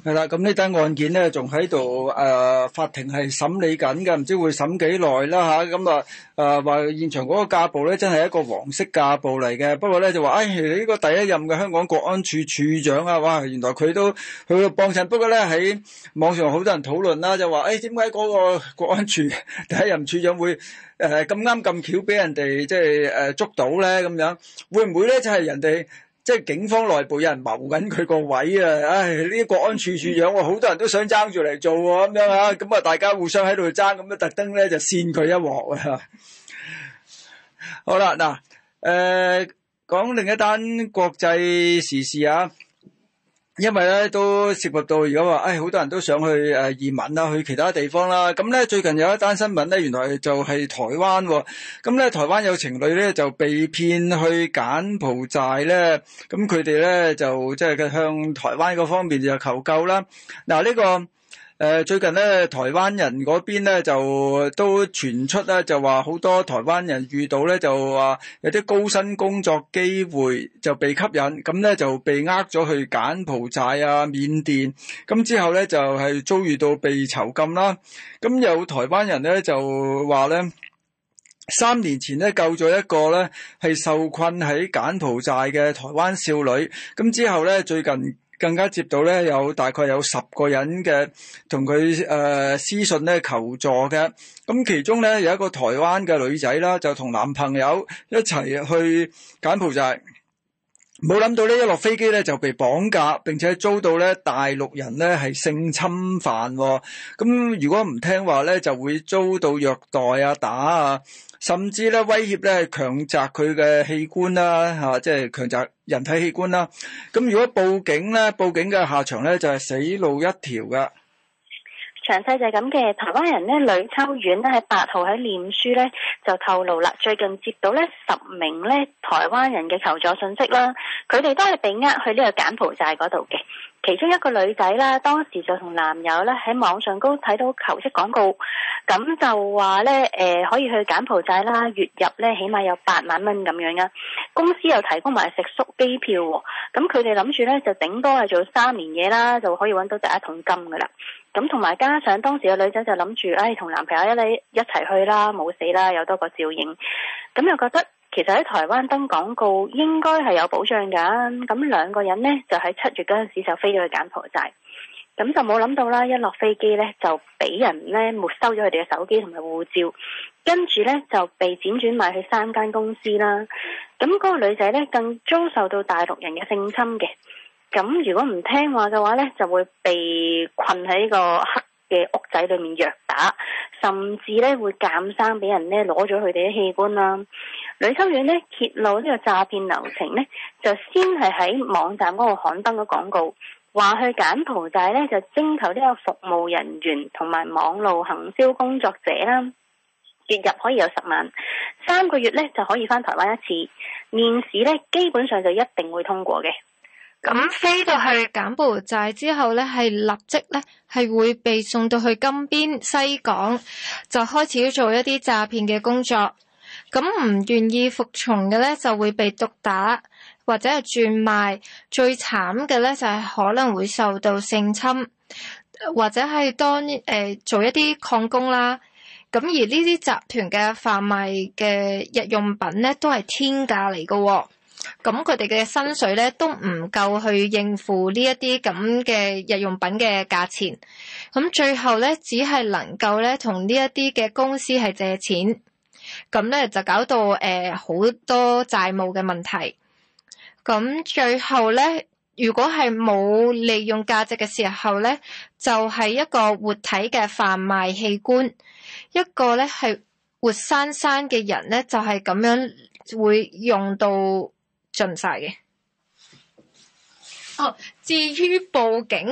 係啦，咁呢單案件咧，仲喺度誒法庭係審理緊嘅，唔知會審幾耐啦嚇。咁啊誒話現場嗰個架步咧，真係一個黃色架步嚟嘅。不過咧就話誒呢個第一任嘅香港國安處處長啊，哇，原來佢都去到幫襯。不過咧喺網上好多人討論啦，就話誒點解嗰個國安處第一任處長會誒咁啱咁巧俾人哋即係誒捉到咧咁樣？會唔會咧就係人哋？即係警方內部有人謀緊佢個位啊！唉，呢啲國安處處長，好多人都想爭住嚟做喎，咁樣啊！咁啊，大家互相喺度爭，咁啊特登咧就跣佢一鑊啊！好啦，嗱，誒、呃，講另一單國際時事啊。因為咧都涉及到如果話，唉、哎，好多人都想去誒、呃、移民啦、啊，去其他地方啦、啊。咁咧最近有一單新聞咧，原來就係台灣、哦，咁咧台灣有情侶咧就被騙去柬埔寨咧，咁佢哋咧就即係向台灣嗰方面就求救啦。嗱呢個。誒，最近咧，台灣人嗰邊咧就都傳出咧，就話好多台灣人遇到咧就話有啲高薪工作機會就被吸引，咁咧就被呃咗去柬埔寨啊、緬甸，咁之後咧就係遭遇到被囚禁啦。咁有台灣人咧就話咧，三年前咧救咗一個咧係受困喺柬埔寨嘅台灣少女，咁之後咧最近。更加接到咧有大概有十個人嘅同佢誒私訊咧求助嘅，咁其中咧有一個台灣嘅女仔啦，就同男朋友一齊去柬埔寨，冇諗到呢，一落飛機咧就被綁架，並且遭到咧大陸人咧係性侵犯，咁如果唔聽話咧就會遭到虐待啊打啊。甚至咧威脅咧強摘佢嘅器官啦，吓即係強摘人體器官啦。咁如果報警咧，報警嘅下場咧就係死路一條噶。詳細就係咁嘅，台灣人咧呂秋遠咧喺白頭喺念書咧就透露啦，最近接到咧十名咧台灣人嘅求助信息啦，佢哋都係被呃去呢個柬埔寨嗰度嘅。其中一個女仔啦，當時就同男友咧喺網上高睇到求職廣告，咁就話咧，誒、呃、可以去柬埔寨啦，月入咧起碼有八萬蚊咁樣啊！公司又提供埋食宿機票、哦，咁佢哋諗住咧就頂多係做三年嘢啦，就可以搵到第一桶金噶啦。咁同埋加上當時個女仔就諗住，唉、哎，同男朋友一嚟一齊去啦，冇死啦，有多個照應，咁又覺得。其實喺台灣登廣告應該係有保障㗎，咁兩個人呢，就喺七月嗰陣時就飛咗去柬埔寨，咁就冇諗到啦，一落飛機呢，就俾人呢沒收咗佢哋嘅手機同埋護照，跟住呢，就被輾轉賣去三間公司啦，咁嗰個女仔呢，更遭受到大陸人嘅性侵嘅，咁如果唔聽話嘅話呢，就會被困喺呢個黑。嘅屋仔裏面虐打，甚至咧會減生，俾人咧攞咗佢哋啲器官啦。呂秋遠呢揭露呢個詐騙流程呢，就先係喺網站嗰度刊登個廣告，話去柬埔寨呢，就徵求呢個服務人員同埋網路行銷工作者啦，月入可以有十萬，三個月呢就可以翻台灣一次，面試呢基本上就一定會通過嘅。咁飛到去柬埔寨之後咧，係立即咧係會被送到去金邊西港，就開始要做一啲詐騙嘅工作。咁唔願意服從嘅咧，就會被毒打或者係轉賣。最慘嘅咧就係、是、可能會受到性侵，或者係當誒、呃、做一啲礦工啦。咁而呢啲集團嘅販賣嘅日用品咧，都係天價嚟喎。咁佢哋嘅薪水咧都唔夠去應付呢一啲咁嘅日用品嘅價錢，咁最後咧只係能夠咧同呢一啲嘅公司係借錢，咁咧就搞到誒好多債務嘅問題。咁最後咧，如果係冇利用價值嘅時候咧，就係一個活體嘅販賣器官，一個咧係活生生嘅人咧就係咁樣會用到。盡晒嘅。哦，至於報警，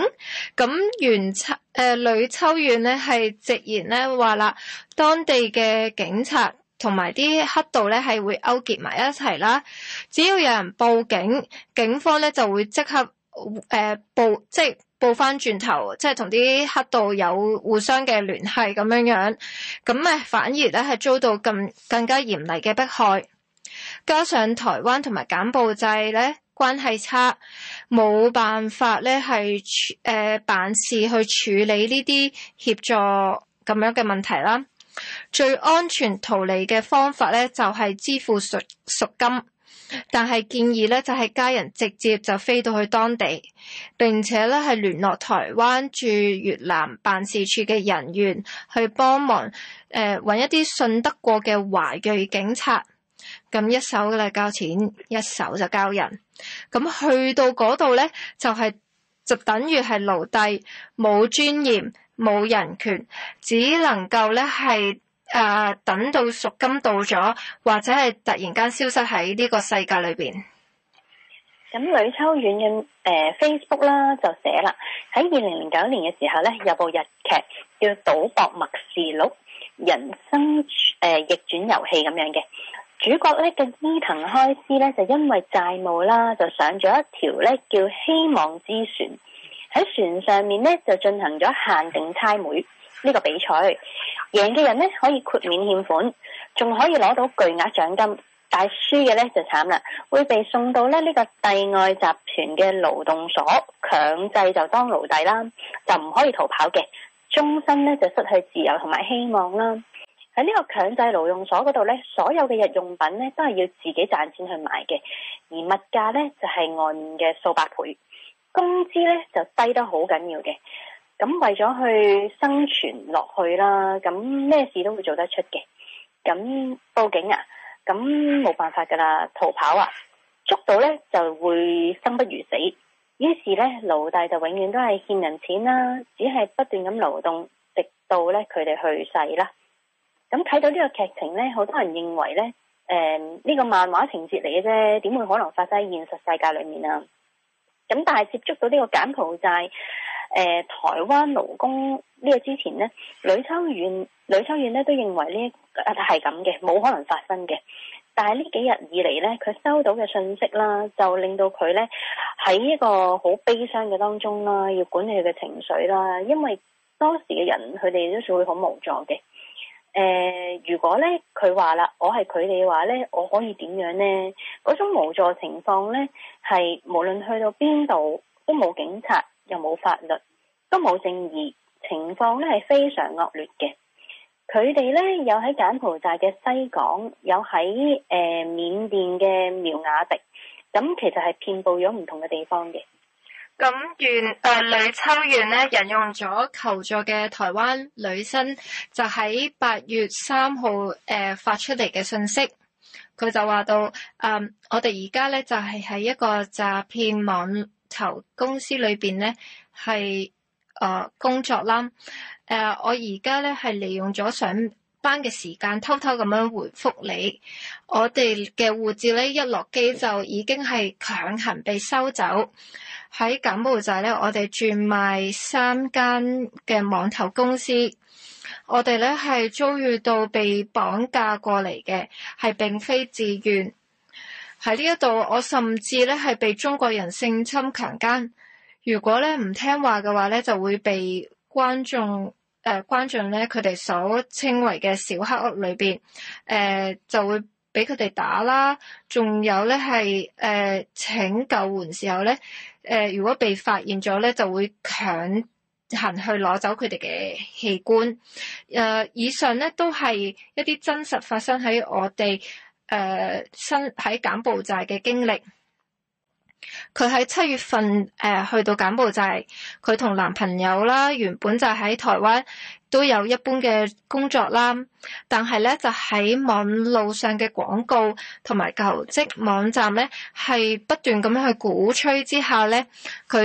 咁袁秋誒呂秋遠咧係直言咧話啦，當地嘅警察同埋啲黑道咧係會勾結埋一齊啦。只要有人報警，警方咧就會即刻誒報，即係報翻轉頭，即係同啲黑道有互相嘅聯繫咁樣樣。咁咪反而咧係遭到更更加嚴厲嘅迫害。加上台灣同埋柬埔寨咧關係差，冇辦法咧係處誒辦事去處理呢啲協助咁樣嘅問題啦。最安全逃離嘅方法咧就係、是、支付贖贖金，但係建議咧就係、是、家人直接就飛到去當地，並且咧係聯絡台灣駐越南辦事處嘅人員去幫忙誒，搵、呃、一啲信得過嘅華裔警察。咁一手嘅啦，交錢一手就交人。咁去到嗰度呢，就係、是、就等於係奴隸，冇尊嚴，冇人權，只能夠呢係誒、啊、等到贖金到咗，或者係突然間消失喺呢個世界裏邊。咁呂秋遠嘅誒 Facebook 啦就寫啦，喺二零零九年嘅時候呢，有部日劇叫《賭博默示錄》，人生誒逆轉遊戲咁樣嘅。主角咧嘅伊藤開司咧就因為債務啦，就上咗一條咧叫希望之船。喺船上面咧就進行咗限定猜枚呢個比賽，贏嘅人咧可以豁免欠款，仲可以攞到巨額獎金。但係輸嘅咧就慘啦，會被送到咧呢個帝愛集團嘅勞動所，強制就當奴隸啦，就唔可以逃跑嘅，終身咧就失去自由同埋希望啦。喺呢個強制勞用所嗰度呢，所有嘅日用品呢都係要自己賺錢去買嘅，而物價呢，就係外面嘅數百倍，工資呢就低得好緊要嘅。咁為咗去生存落去啦，咁咩事都會做得出嘅。咁報警啊，咁冇辦法噶啦。逃跑啊，捉到呢就會生不如死。於是呢，奴隸就永遠都係欠人錢啦，只係不斷咁勞動，直到呢佢哋去世啦。咁睇到呢個劇情呢，好多人認為呢誒呢、呃這個漫畫情節嚟嘅啫，點會可能發生喺現實世界裏面啊？咁但係接觸到呢個柬埔寨，誒、呃、台灣勞工呢個之前呢，呂秋遠呂秋遠呢都認為呢係咁嘅，冇、呃、可能發生嘅。但係呢幾日以嚟呢，佢收到嘅信息，啦，就令到佢呢喺一個好悲傷嘅當中啦，要管理佢嘅情緒啦，因為當時嘅人，佢哋都仲會好無助嘅。誒、呃，如果咧佢話啦，我係佢哋嘅話咧，我可以點樣呢？嗰種無助情況咧，係無論去到邊度都冇警察，又冇法律，都冇正義，情況咧係非常惡劣嘅。佢哋咧有喺柬埔寨嘅西港，有喺誒緬甸嘅妙瓦底，咁其實係遍布咗唔同嘅地方嘅。咁原，誒呂秋元咧引用咗求助嘅台灣女生，就喺八月三號誒發出嚟嘅信息。佢就話到誒，我哋而家咧就係喺一個詐騙網籌公司裏邊咧係誒工作啦。誒、呃，我而家咧係利用咗上班嘅時間偷偷咁樣回複你。我哋嘅護照咧一落機就已經係強行被收走。喺柬埔寨咧，我哋轉賣三間嘅網投公司，我哋咧係遭遇到被綁架過嚟嘅，係並非自願。喺呢一度，我甚至咧係被中國人性侵強奸。如果咧唔聽話嘅話咧，就會被關進誒關進咧佢哋所稱為嘅小黑屋裏邊，誒、呃、就會俾佢哋打啦，仲有咧係誒請救援時候咧。誒、呃，如果被發現咗咧，就會強行去攞走佢哋嘅器官。誒、呃，以上咧都係一啲真實發生喺我哋誒身喺柬埔寨嘅經歷。佢喺七月份誒、呃、去到柬埔寨，佢同男朋友啦，原本就喺台灣。都有一般嘅工作啦，但係咧就喺網路上嘅廣告同埋求職網站咧，係不斷咁樣去鼓吹之下咧，佢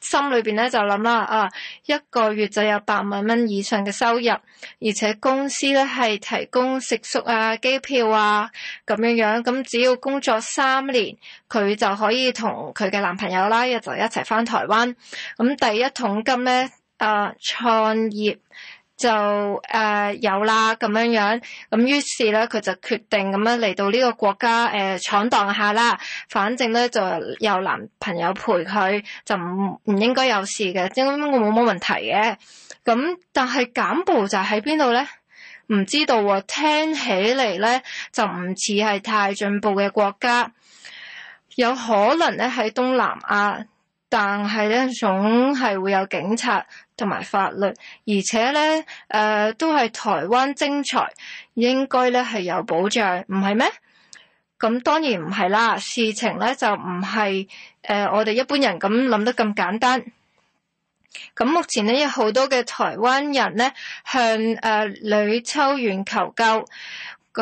心裏邊咧就諗啦啊，一個月就有百萬蚊以上嘅收入，而且公司咧係提供食宿啊、機票啊咁樣樣，咁只要工作三年，佢就可以同佢嘅男朋友啦，就一齊翻台灣，咁第一桶金咧啊創業。就誒、呃、有啦咁樣樣，咁於是咧佢就決定咁樣嚟到呢個國家誒、呃、闖蕩下啦。反正咧就有男朋友陪佢，就唔唔應該有事嘅，應該冇冇問題嘅。咁、嗯、但係柬埔寨就喺邊度咧？唔知道喎、哦，聽起嚟咧就唔似係太進步嘅國家，有可能咧喺東南亞。但係咧，總係會有警察同埋法律，而且咧，誒、呃，都係台灣精才，應該咧係有保障，唔係咩？咁當然唔係啦，事情咧就唔係誒，我哋一般人咁諗得咁簡單。咁目前呢，有好多嘅台灣人咧向誒呂秋遠求救，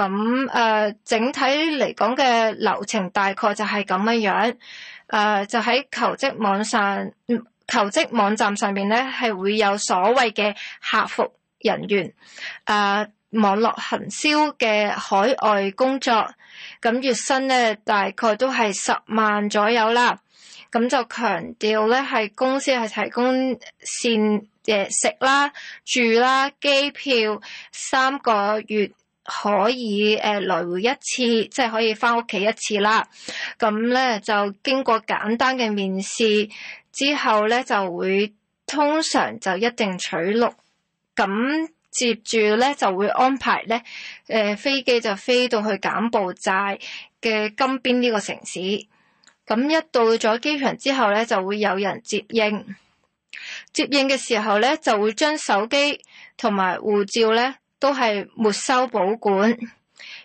咁、呃、誒、呃呃呃、整體嚟講嘅流程大概就係咁樣。樣。誒，uh, 就喺求職網上，求職網站上面咧係會有所謂嘅客服人員，誒、uh，網絡行銷嘅海外工作，咁月薪咧大概都係十萬左右啦，咁就強調咧係公司係提供膳食啦、住啦、機票三個月，可以誒、呃、來回一次，即係可以翻屋企一次啦。咁呢，就經過簡單嘅面試之後呢，就會通常就一定取錄咁，接住呢，就會安排呢誒、呃、飛機就飛到去柬埔寨嘅金邊呢個城市。咁一到咗機場之後呢，就會有人接應。接應嘅時候呢，就會將手機同埋護照呢。都係沒收保管，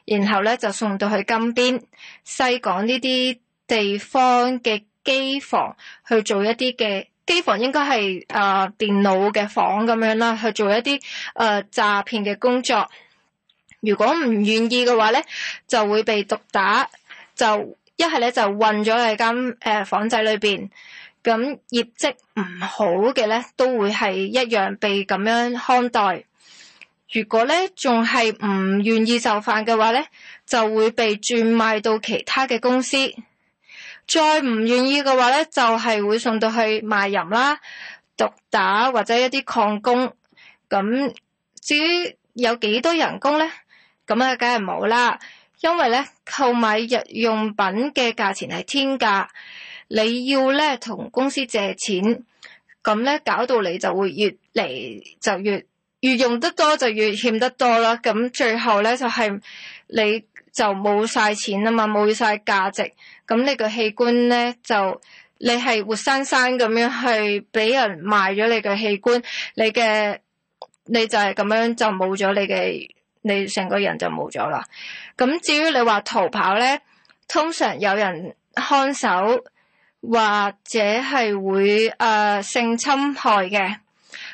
然後咧，就送到去金邊、西港呢啲地方嘅機房去做一啲嘅機房，應該係誒電腦嘅房咁樣啦，去做一啲誒、呃呃、詐騙嘅工作。如果唔願意嘅話咧，就會被毒打，就，呢就一係咧就困咗喺間誒房仔裏邊。咁業績唔好嘅咧，都會係一樣被咁樣看待。如果咧仲係唔願意就範嘅話咧，就會被轉賣到其他嘅公司。再唔願意嘅話咧，就係、是、會送到去賣淫啦、毒打或者一啲礦工。咁至於有幾多人工咧？咁啊，梗係冇啦，因為咧購買日用品嘅價錢係天價，你要咧同公司借錢，咁咧搞到你就會越嚟就越。越用得多就越欠得多啦，咁最後咧就係、是、你就冇晒錢啦嘛，冇晒價值，咁你個器官咧就你係活生生咁樣去俾人賣咗你個器官，你嘅你就係咁樣就冇咗你嘅，你成個人就冇咗啦。咁至於你話逃跑咧，通常有人看守或者係會誒、呃、性侵害嘅。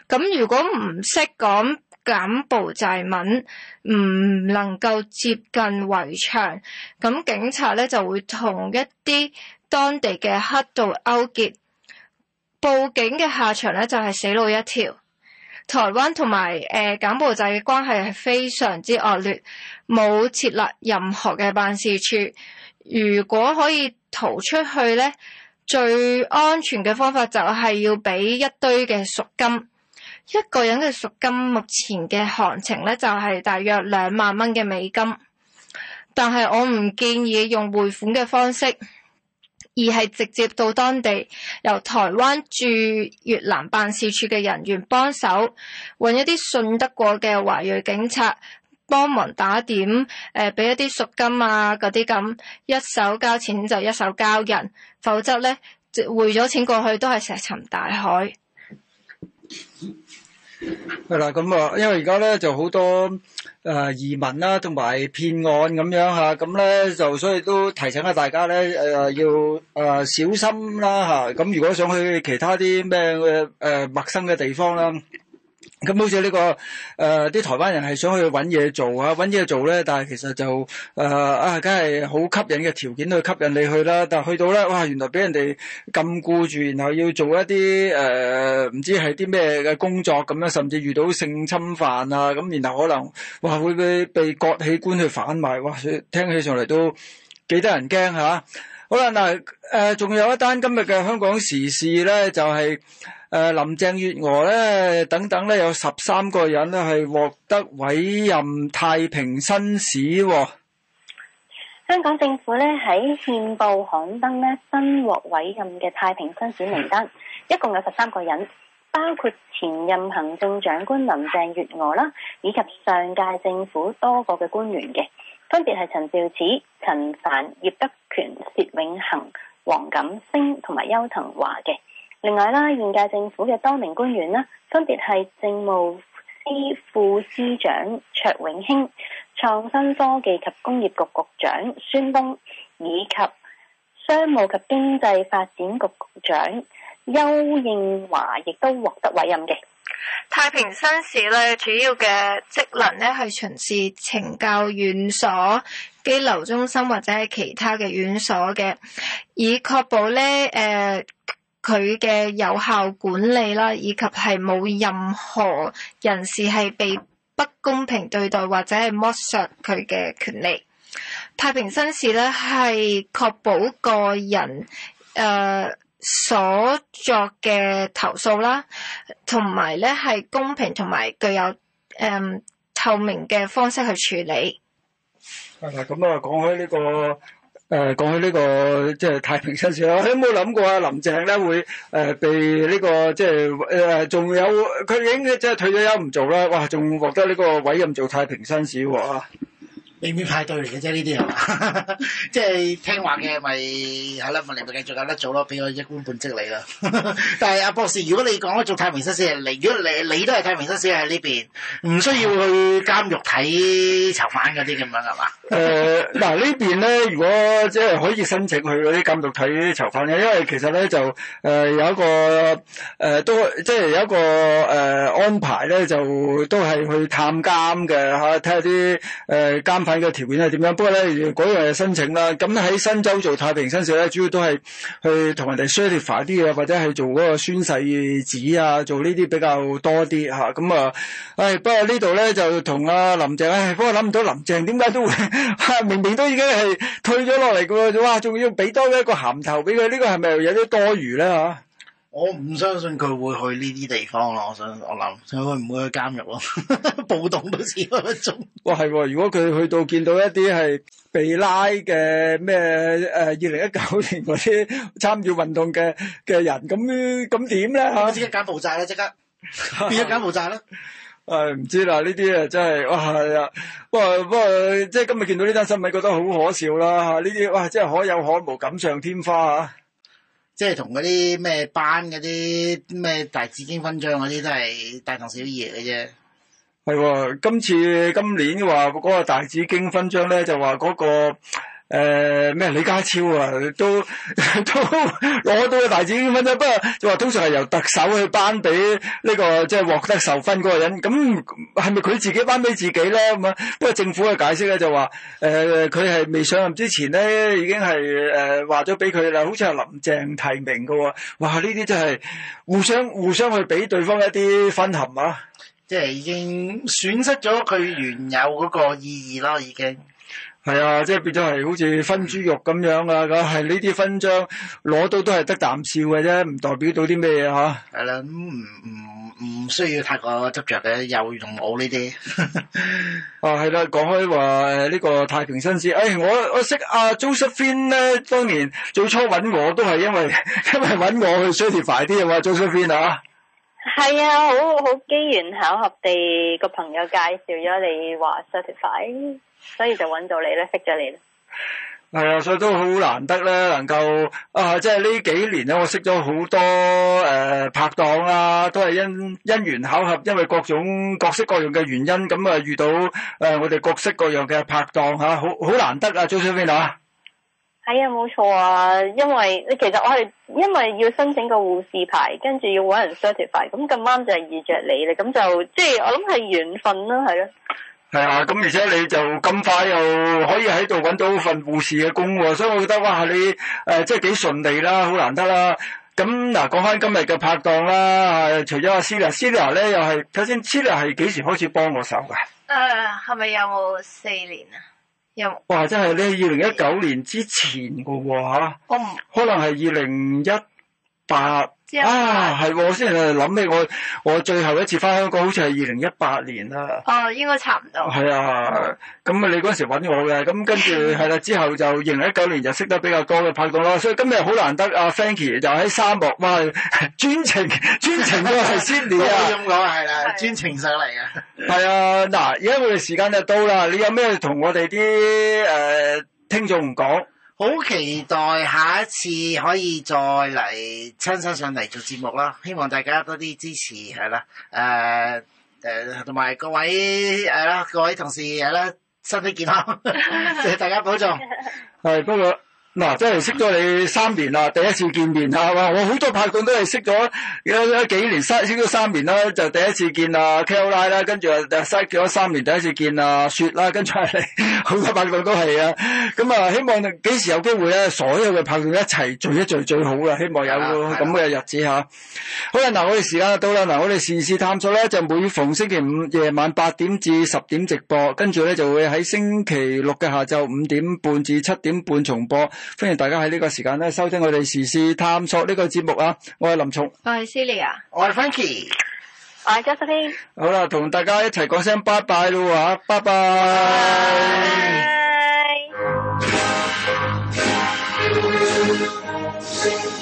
咁如果唔識講柬埔寨文，唔能夠接近圍牆，咁警察咧就會同一啲當地嘅黑道勾結，報警嘅下場咧就係死路一條。台灣同埋誒柬埔寨嘅關係係非常之惡劣，冇設立任何嘅辦事處。如果可以逃出去咧，最安全嘅方法就係要俾一堆嘅贖金。一個人嘅贖金目前嘅行情咧，就係大約兩萬蚊嘅美金。但係我唔建議用匯款嘅方式，而係直接到當地由台灣駐越南辦事處嘅人員幫手揾一啲信得過嘅華裔警察幫忙打點，誒俾一啲贖金啊嗰啲咁，一手交錢就一手交人，否則呢，匯咗錢過去都係石沉大海。係啦，咁啊，因為而家咧就好多誒移民啦，同埋騙案咁樣吓，咁咧就所以都提醒下大家咧，誒要誒小心啦吓，咁如果想去其他啲咩誒陌生嘅地方啦。咁好似呢，這個誒，啲、呃，、台灣人係想去搵嘢做啊，搵嘢做咧。但係其實就誒、呃、啊，梗係好吸引嘅條件去吸引你去啦。但係去到咧，哇，原來俾人哋禁錮住，然後要做一啲誒，唔、呃、知係啲咩嘅工作咁樣，甚至遇到性侵犯啊，咁然後可能哇，會唔會被割器官去販賣？哇，聽起上嚟都幾得人驚吓。好啦，嗱、呃、誒，仲有一單今日嘅香港時事咧，就係、是。誒、呃，林鄭月娥咧，等等咧，有十三個人咧係獲得委任太平紳士、哦，香港政府咧喺憲報刊登呢新獲委任嘅太平紳士名單，一共有十三個人，包括前任行政長官林鄭月娥啦，以及上屆政府多個嘅官員嘅，分別係陳肇始、陳帆、葉德權、薛永恆、黃錦星同埋邱騰華嘅。另外啦，現屆政府嘅多名官員啦，分別係政務司副司長卓永興、創新科技及工業局局長孫東以及商務及經濟發展局局長邱應華，亦都獲得委任嘅。太平紳士咧，主要嘅職能咧，係巡視懲教院所、羈留中心或者係其他嘅院所嘅，以確保咧誒、呃佢嘅有效管理啦，以及係冇任何人士係被不公平對待或者係剝削佢嘅權利。太平紳士咧，係確保個人誒、呃、所作嘅投訴啦，同埋咧，係公平同埋具有誒、呃、透明嘅方式去處理。嗱咁啊，講開呢個。誒，講起呢個即係、就是、太平紳士啦，你有冇諗過阿林鄭咧會誒被呢、這個即係誒仲有佢已經即係退咗休唔做啦，哇，仲獲得呢個委任做太平紳士喎、啊未免派對嚟嘅啫，呢啲係嘛？即係 聽話嘅咪係啦，唔，你咪繼續有得做咯，俾我一官半職你啦。 但係阿、啊、博士，如果你講咧做太平紳士嚟，如果你你都係太平紳士喺呢、就是、邊，唔需要去監獄睇囚犯嗰啲咁樣係嘛？嗱、呃呃、呢邊咧，如果即係可以申請去嗰啲監獄睇囚犯嘅，因為其實咧就、呃、有一個誒、呃、都即係、就是、有一個誒、呃、安排咧，就都係去探監嘅睇下啲嘅條件係點樣？不過咧，嗰日申請啦，咁喺新州做太平紳士咧，主要都係去同人哋 certify 啲快啲嘅，或者係做嗰個宣誓紙啊，做呢啲比較多啲嚇。咁啊，唉、哎，不過呢度咧就同阿林鄭，唉、哎，不過諗唔到林鄭點解都會，明明都已經係退咗落嚟嘅喎，哇，仲要俾多一個銜頭俾佢，呢、這個係咪有啲多餘咧嚇？我唔相信佢會去呢啲地方咯，我想我諗佢唔會去監獄咯？ 暴動都似分鐘。哇，係、啊，如果佢去到見到一啲係被拉嘅咩誒，二零一九年嗰啲參與運動嘅嘅人，咁咁點咧？吓，即刻搞柬埔寨啦！即刻變咗柬埔寨啦！誒，唔知啦，呢啲真係哇係啊，不過不過即係今日見到呢單新聞，覺得好可笑啦吓，呢啲哇真係可有可無，錦上添花吓。啊即係同嗰啲咩班嗰啲咩大紫荊勳章嗰啲都係大同小異嘅啫。係，今次今年話嗰個大紫荊勳章咧，就話嗰個。誒咩、呃、李家超啊，都都攞到個大紫荊勳章，不過就話通常係由特首去頒俾呢個即係獲得授勳嗰個人，咁係咪佢自己頒俾自己咧？咁啊，不過政府嘅解釋咧就話，誒佢係未上任之前咧，已經係誒話咗俾佢啦，好似係林鄭提名噶，哇呢啲真係互相互相去俾對方一啲分含啊，即係已經損失咗佢原有嗰個意義啦，已經。係啊，即係變咗係好似分豬肉咁樣啊！咁係呢啲勳章攞到都係得啖笑嘅啫，唔代表到啲咩嘢吓。係啦，咁唔唔唔需要太過執着嘅，又用冇呢啲。哦、 啊，係啦，講開話呢個太平紳士，誒、哎，我我識阿、啊、Josephine 咧，當年最初搵我都係因為因為搵我去 certify 啲啊嘛，Josephine 啊。係啊，好好機緣巧合地個朋友介紹咗你話 certify。所以就揾到你咧，識咗你咧。係啊，所以都好難得咧，能夠啊，即係呢幾年咧，我識咗好多誒拍檔啊，都係因因緣巧合，因為各種各式各樣嘅原因，咁啊遇到誒、呃、我哋各式各樣嘅拍檔吓、啊，好好難得啊！Joanne 啊，係啊，冇錯啊，因為其實我係因為要申請個護士牌，跟住要搵人 certify，咁咁啱就係遇着你咧，咁就即係、就是、我諗係緣分啦，係咯。係啊，咁而且你就咁快又可以喺度揾到份護士嘅工喎、啊，所以我覺得哇，你誒即係幾順利啦，好難得啦。咁嗱，講翻今日嘅拍檔啦，除咗阿 Cilla，Cilla 咧又係，首先 Cilla 係幾時開始幫我手噶？誒，係咪有冇四年啊？有,有。哇，真係你二零一九年之前噶喎吓。Um. 可能係二零一八。啊，係，我先諗起我我最後一次翻香港好似係二零一八年啦。哦，應該差唔多。係啊的，咁啊、嗯，那你嗰陣時揾我嘅，咁跟住係啦，之後就二零一九年就識得比較高嘅拍檔咯，所以今日好難得，阿、啊、Fancy 就喺沙漠哇，專程專程過嚟悉尼啊。咁講係啦，專、啊、的程上嚟啊的。係啊， 嗱，而家我哋時間就到啦，你有咩同我哋啲誒聽眾講？好期待下一次可以再嚟親身上嚟做節目啦！希望大家多啲支持，係啦，誒、呃、誒，同、呃、埋各位，係啦，各位同事，係啦，身體健康， 謝，謝大家保重，係， 不過。嗱、啊，真係識咗你三年啦，第一次見面嚇，係嘛？我好多拍檔都係識咗幾年，識咗三年啦，就第一次見阿 Kel 啦，跟住啊識咗三年第一次見阿雪啦，跟住好 多拍檔都係啊，咁啊希望幾時有機會咧，所有嘅拍檔一齊聚一聚最好啦，希望有咁嘅的日子嚇。啊、的好啦，嗱我哋時間到啦，嗱我哋時事探索咧就每逢星期五夜晚八點至十點直播，跟住咧就會喺星期六嘅下晝五點半至七點半重播。歡迎大家喺呢個時間咧收聽我哋時事探索呢個節目啊！我係林松，我係 Celia，我係 Frankie，我係 Justin。好啦，同大家一齊講聲拜拜啦！吓，拜拜。Bye.